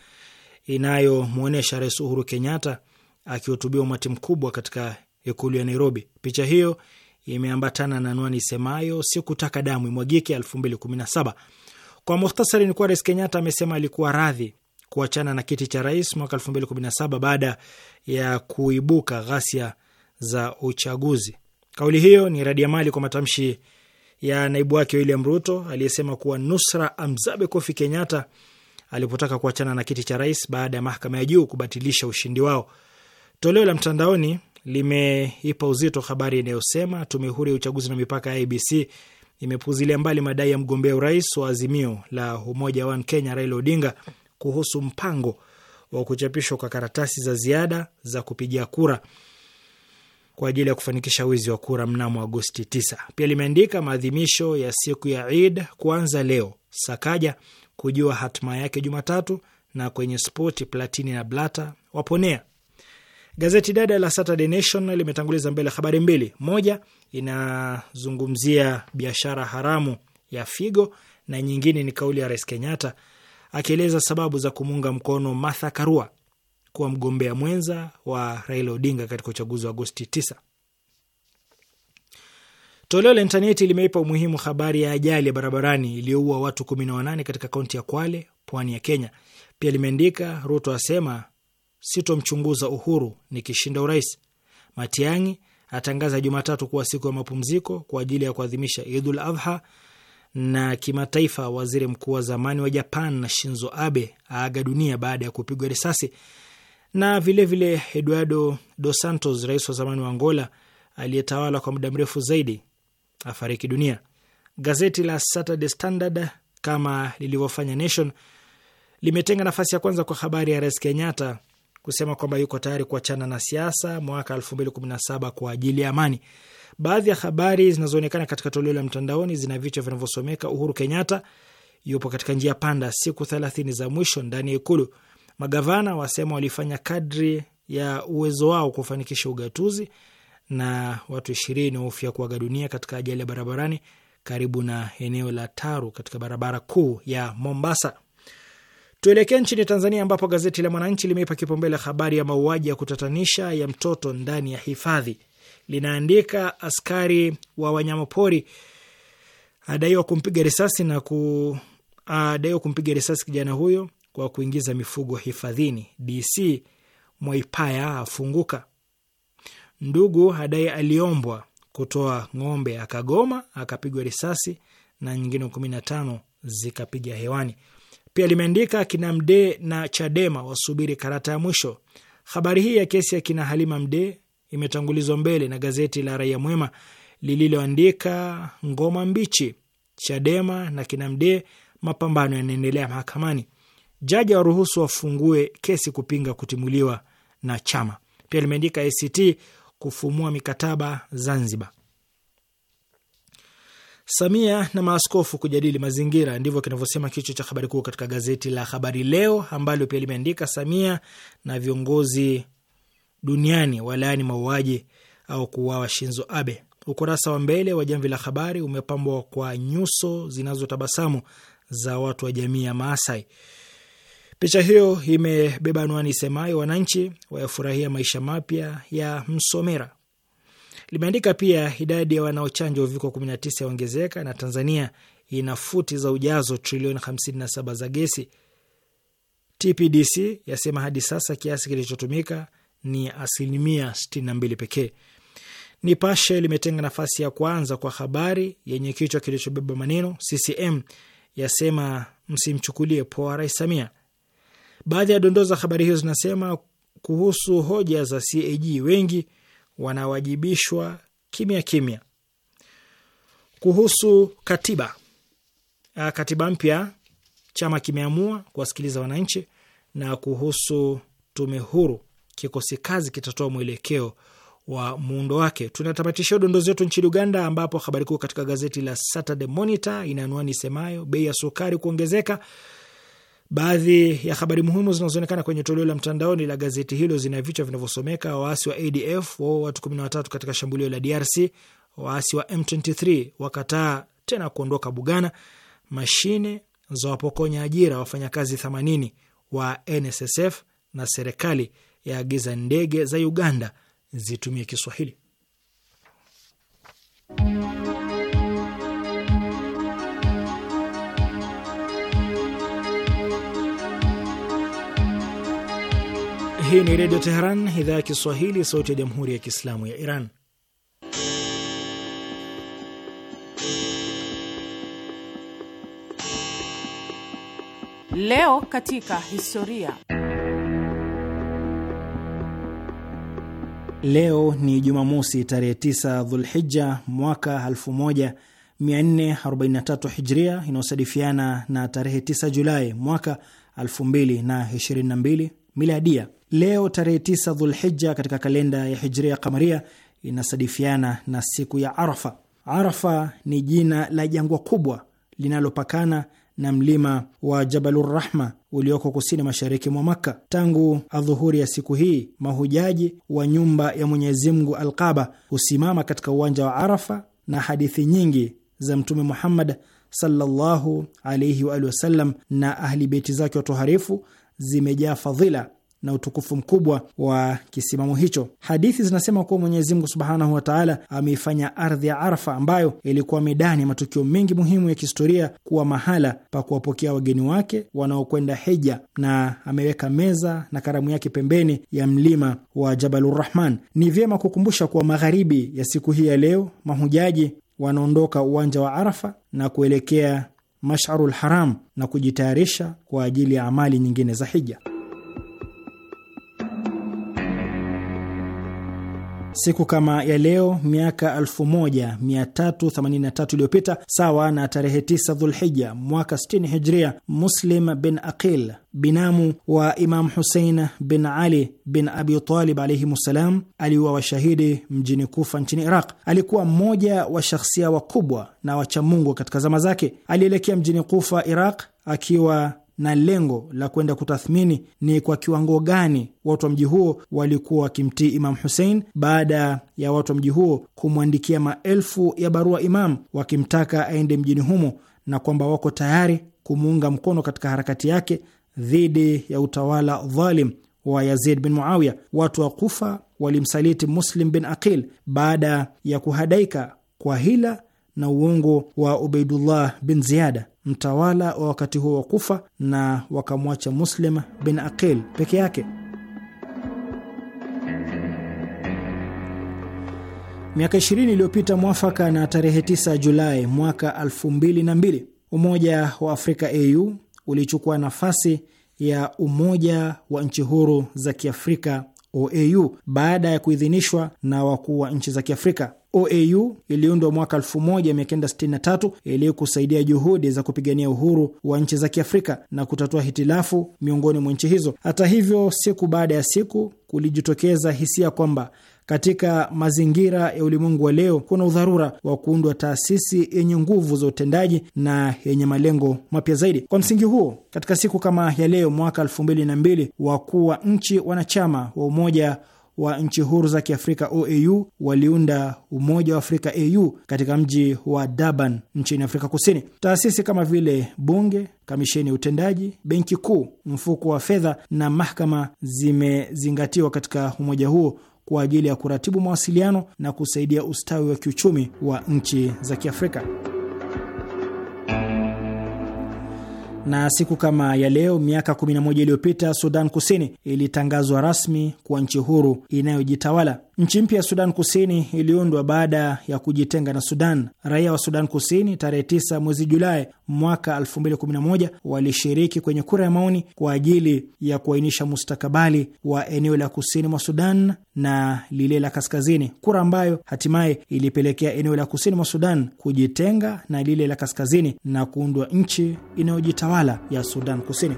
inayomwonyesha Rais Uhuru Kenyatta akihutubia umati mkubwa katika ikulu ya Nairobi. Picha hiyo imeambatana na anwani isemayo sikutaka damu imwagike 2017. Kwa muhtasari, ni kuwa Rais Kenyatta amesema alikuwa radhi kuachana na kiti cha rais mwaka 2017 baada ya kuibuka ghasia za uchaguzi. Kauli hiyo ni mali kwa matamshi ya naibu wake William Ruto aliyesema kuwa nusra amzabe Kofi Kenyatta alipotaka kuachana na kiti cha rais baada ya mahakama ya juu kubatilisha ushindi wao. Toleo la mtandaoni limeipa uzito habari inayosema tume huru ya uchaguzi na mipaka ya IBC imepuzilia mbali madai ya mgombea urais wa Azimio la Umoja One Kenya Raila Odinga kuhusu mpango wa kuchapishwa kwa karatasi za ziada za kupigia kura kwa ajili ya kufanikisha wizi wa kura mnamo Agosti 9. Pia limeandika maadhimisho ya siku ya Eid kuanza leo, Sakaja kujua hatima yake Jumatatu, na kwenye spoti Platini na Blata waponea. Gazeti dada la Saturday Nation limetanguliza mbele habari mbili, moja inazungumzia biashara haramu ya figo na nyingine ni kauli ya Rais Kenyatta akieleza sababu za kumuunga mkono Martha Karua kuwa mgombea mwenza wa Raila Odinga katika uchaguzi wa Agosti 9. Toleo la intaneti limeipa umuhimu habari ya ajali ya barabarani iliyoua watu 18 katika kaunti ya Kwale, pwani ya Kenya. Pia limeandika Ruto asema sitomchunguza Uhuru nikishinda urais. Matiang'i atangaza Jumatatu kuwa siku ya mapumziko kwa ajili ya kuadhimisha Idul Adha. Na kimataifa, waziri mkuu wa zamani wa Japan na Shinzo Abe aaga dunia baada ya kupigwa risasi na vilevile vile Eduardo Dos Santos, rais wa zamani wa Angola aliyetawala kwa muda mrefu zaidi, afariki dunia. Gazeti la Saturday Standard kama lilivyofanya Nation limetenga nafasi ya kwanza kwa habari ya Rais Kenyatta kusema kwamba yuko tayari kuachana na siasa mwaka 2017 kwa ajili ya amani. Baadhi ya habari zinazoonekana katika toleo la mtandaoni zina vichwa vinavyosomeka: Uhuru Kenyatta yupo katika njia panda, siku 30 za mwisho ndani ya Ikulu, Magavana wasema walifanya kadri ya uwezo wao kufanikisha ugatuzi, na watu ishirini wahofia kuaga dunia katika ajali ya barabarani karibu na eneo la Taru katika barabara kuu ya Mombasa. Tuelekee nchini Tanzania, ambapo gazeti la Mwananchi limeipa kipaumbele habari ya mauaji ya kutatanisha ya mtoto ndani ya hifadhi. Linaandika askari wa wanyamapori adaiwa kumpiga risasi na ku adaiwa kumpiga risasi kijana huyo kwa kuingiza mifugo hifadhini. DC Mwaipaya afunguka. Ndugu hadai aliombwa kutoa ng'ombe akagoma, akapigwa risasi na nyingine kumi na tano zikapiga hewani. Pia limeandika kina Mdee na Chadema wasubiri karata ya mwisho. Habari hii ya kesi ya kina Halima Mdee imetangulizwa mbele na gazeti la Raia Mwema lililoandika ngoma mbichi, Chadema na kina Mdee, mapambano yanaendelea mahakamani. Jaji awaruhusu wafungue kesi kupinga kutimuliwa na chama. Pia limeandika ACT kufumua mikataba Zanzibar. Samia na maaskofu kujadili mazingira, ndivyo kinavyosema kichwa cha habari kuu katika gazeti la Habari Leo, ambalo pia limeandika Samia na viongozi duniani walaani mauaji au kuuawa Shinzo Abe. Ukurasa wa mbele wa Jamvi la Habari umepambwa kwa nyuso zinazotabasamu za watu wa jamii ya Maasai. Picha hiyo imebeba anwani isemayo wananchi wayafurahia maisha mapya ya Msomera. Limeandika pia idadi ya wanaochanja uviko 19 yaongezeka na Tanzania ina futi za ujazo trilioni 57 za gesi. TPDC yasema hadi sasa kiasi kilichotumika ni asilimia 62 pekee. Nipashe limetenga nafasi ya kwanza kwa habari yenye kichwa kilichobeba maneno CCM yasema msimchukulie poa Rais Samia. Baadhi ya dondoo za habari hiyo zinasema kuhusu hoja za CAG, wengi wanawajibishwa kimya kimya. Kuhusu katiba, ah, katiba mpya, chama kimeamua kuwasikiliza wananchi. Na kuhusu tume huru, kikosi kazi kitatoa mwelekeo wa muundo wake. Tunatamatishia udondozi wetu nchini Uganda, ambapo habari kuu katika gazeti la Saturday Monitor ina anwani bei ya sukari kuongezeka Baadhi ya habari muhimu zinazoonekana kwenye toleo la mtandaoni la gazeti hilo zina vichwa vinavyosomeka: waasi wa ADF wa watu watatu katika shambulio la DRC, waasi wa M23 wakataa tena kuondoka Bugana, mashine za wapokonya ajira wafanyakazi 80 wa NSSF, na serikali yaagiza ndege za Uganda zitumie Kiswahili. Hii ni Redio Teheran, idhaa ya Kiswahili, sauti ya Jamhuri ya Kiislamu ya Iran. Leo katika historia. Leo ni Jumamosi tarehe 9 Dhulhija mwaka 1443 Hijria, inayosadifiana na tarehe 9 Julai mwaka 2022 Miladia. Leo tarehe 9 Dhulhija katika kalenda ya Hijria Kamaria inasadifiana na siku ya Arafa. Arafa ni jina la jangwa kubwa linalopakana na mlima wa Jabalurrahma ulioko kusini mashariki mwa Makka. Tangu adhuhuri ya siku hii, mahujaji wa nyumba ya Mwenyezi Mungu Alqaba husimama katika uwanja wa Arafa, na hadithi nyingi za Mtume Muhammad sallallahu alaihi wa alihi wasallam na ahli beti zake watoharifu zimejaa fadhila na utukufu mkubwa wa kisimamo hicho. Hadithi zinasema kuwa Mwenyezi Mungu subhanahu wa taala ameifanya ardhi ya Arfa, ambayo ilikuwa medani ya matukio mengi muhimu ya kihistoria, kuwa mahala pa kuwapokea wageni wake wanaokwenda hija, na ameweka meza na karamu yake pembeni ya mlima wa Jabalurrahman. Ni vyema kukumbusha kuwa magharibi ya siku hii ya leo mahujaji wanaondoka uwanja wa Arafa na kuelekea Masharul Haram na kujitayarisha kwa ajili ya amali nyingine za hija. Siku kama ya leo miaka 1383 iliyopita, sawa na tarehe 9 Dhulhija mwaka 60 Hijria, Muslim bin Aqil binamu wa Imam Husein bin Ali bin Abi Talib alaihim ssalam aliuwa washahidi mjini Kufa nchini Iraq. Alikuwa mmoja wa shakhsia wakubwa na wachamungu katika zama zake. Alielekea mjini Kufa, Iraq akiwa na lengo la kwenda kutathmini ni kwa kiwango gani watu wa mji huo walikuwa wakimtii Imam husein baada ya watu wa mji huo kumwandikia maelfu ya barua Imam wakimtaka aende mjini humo na kwamba wako tayari kumuunga mkono katika harakati yake dhidi ya utawala dhalim wa Yazid bin Muawiya. Watu wa Kufa walimsaliti Muslim bin Aqil baada ya kuhadaika kwa hila na uongo wa Ubaidullah bin Ziyada mtawala wa wakati huo wa Kufa, na wakamwacha Muslim bin Aqil peke yake. Miaka 20 iliyopita mwafaka na tarehe 9 Julai mwaka 2002 Umoja wa Afrika AU ulichukua nafasi ya Umoja wa Nchi Huru za Kiafrika OAU baada ya kuidhinishwa na wakuu wa nchi za Kiafrika. OAU iliundwa mwaka 1963 ili kusaidia juhudi za kupigania uhuru wa nchi za Kiafrika na kutatua hitilafu miongoni mwa nchi hizo. Hata hivyo, siku baada ya siku kulijitokeza hisia kwamba katika mazingira ya ulimwengu wa leo kuna udharura wa kuundwa taasisi yenye nguvu za utendaji na yenye malengo mapya zaidi. Kwa msingi huo, katika siku kama ya leo mwaka elfu mbili na mbili wakuu wa nchi wanachama wa Umoja wa nchi huru za Kiafrika OAU waliunda Umoja wa Afrika AU katika mji wa Durban nchini Afrika Kusini. Taasisi kama vile bunge, kamisheni ya utendaji, benki kuu, mfuko wa fedha na mahakama zimezingatiwa katika umoja huo kwa ajili ya kuratibu mawasiliano na kusaidia ustawi wa kiuchumi wa nchi za Kiafrika. Na siku kama ya leo miaka 11 iliyopita Sudan Kusini ilitangazwa rasmi kuwa nchi huru inayojitawala. Nchi mpya ya Sudan Kusini iliundwa baada ya kujitenga na Sudan. Raia wa Sudan Kusini tarehe 9 mwezi Julai mwaka 2011 walishiriki kwenye kura ya maoni kwa ajili ya kuainisha mustakabali wa eneo la kusini mwa Sudan na lile la kaskazini, kura ambayo hatimaye ilipelekea eneo la kusini mwa Sudan kujitenga na lile la kaskazini na kuundwa nchi inayojitawala ya Sudan Kusini.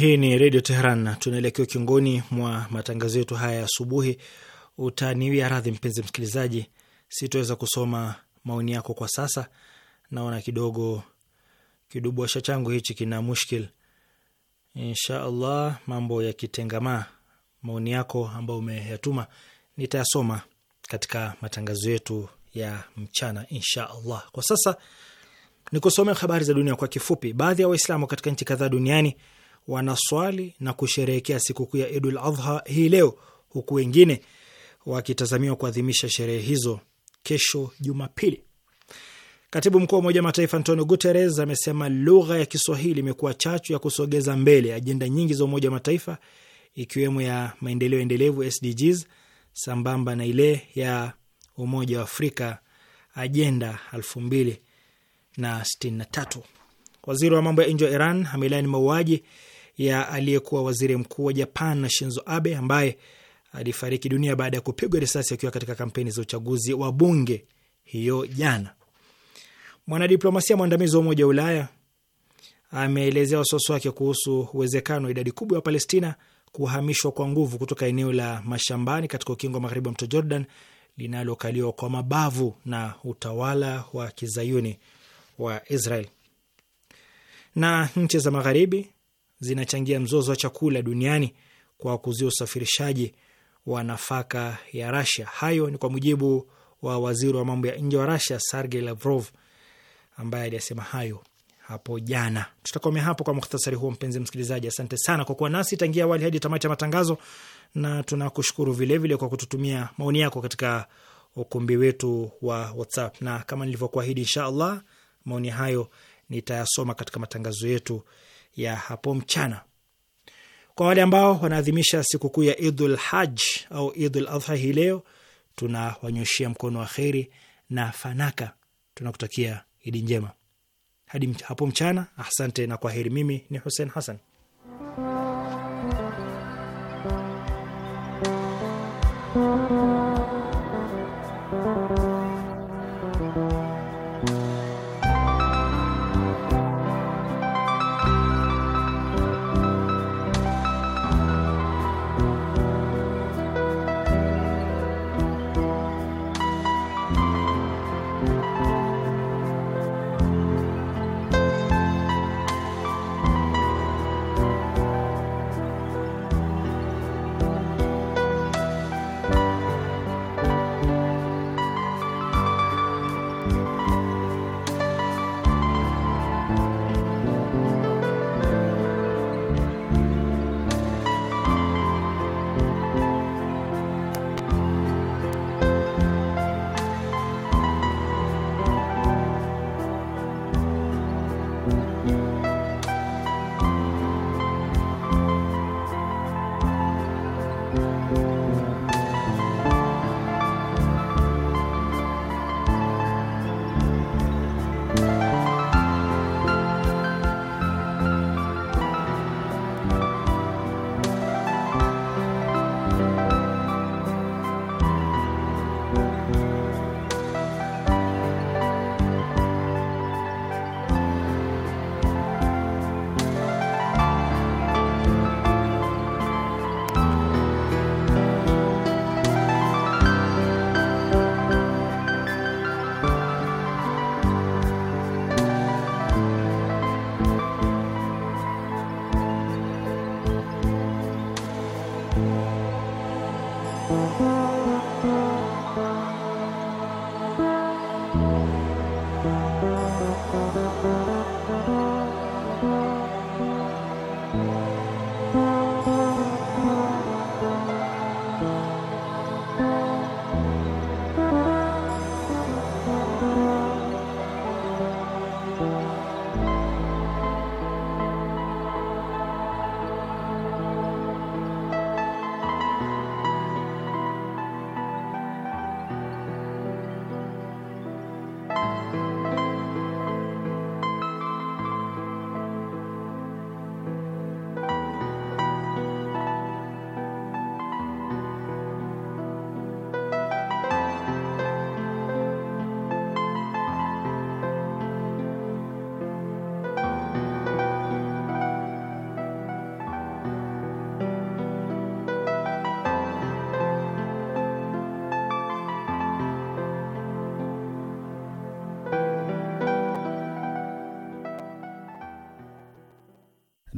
Hii ni Redio Teheran. Tunaelekea ukingoni mwa matangazo yetu haya asubuhi. Utaniwia radhi mpenzi msikilizaji, sitoweza kusoma maoni yako kwa sasa. Naona kidogo kidubwasha changu hichi kina mushkil. Insha allah mambo yakitengamaa, maoni yako ambayo umeyatuma nitayasoma katika matangazo yetu ya mchana insha allah. Kwa sasa nikusomea habari za dunia kwa kifupi. Baadhi ya Waislamu katika nchi kadhaa duniani wanaswali na kusherehekea sikukuu ya Idul Adha hii leo, huku wengine wakitazamiwa kuadhimisha sherehe hizo kesho Jumapili. Katibu mkuu wa Umoja wa Mataifa Antonio Guterres amesema lugha ya Kiswahili imekuwa chachu ya kusogeza mbele ajenda nyingi za Umoja wa Mataifa ikiwemo ya maendeleo endelevu SDGs, sambamba na ile ya Umoja wa Afrika ajenda 2063. Waziri wa mambo ya nje wa Iran amelaani mauaji ya aliyekuwa waziri mkuu wa Japan na Shinzo Abe ambaye alifariki dunia baada ya kupigwa risasi akiwa katika kampeni za uchaguzi wa bunge hiyo jana. Mwanadiplomasia mwandamizi wa Umoja wa Ulaya ameelezea wasiwasi wake kuhusu uwezekano wa idadi kubwa ya Palestina kuhamishwa kwa nguvu kutoka eneo la mashambani katika ukingo wa magharibi wa mto Jordan linalokaliwa kwa mabavu na utawala wa kizayuni wa Israel. Na nchi za magharibi zinachangia mzozo wa chakula duniani kwa kuzia usafirishaji wa nafaka ya Rasia. Hayo ni kwa mujibu wa waziri wa mambo ya nje wa Rasia Sergey Lavrov ambaye aliyasema hayo hapo jana. Tutakomea hapo kwa mukhtasari huo, mpenzi msikilizaji. Asante sana kwa kuwa nasi tangia awali hadi tamati ya matangazo, na tunakushukuru vilevile kwa kututumia maoni yako katika ukumbi wetu wa WhatsApp, na kama nilivyokuahidi, insha allah maoni hayo nitayasoma katika matangazo yetu ya hapo mchana. Kwa wale ambao wanaadhimisha sikukuu ya Idul Haj au Idul Adha hii leo, tuna wanyoshia mkono wa kheri na fanaka. Tunakutakia idi njema hadi hapo mchana. Asante na kwaheri. Mimi ni Hussein Hassan.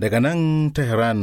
Daga nan Tehran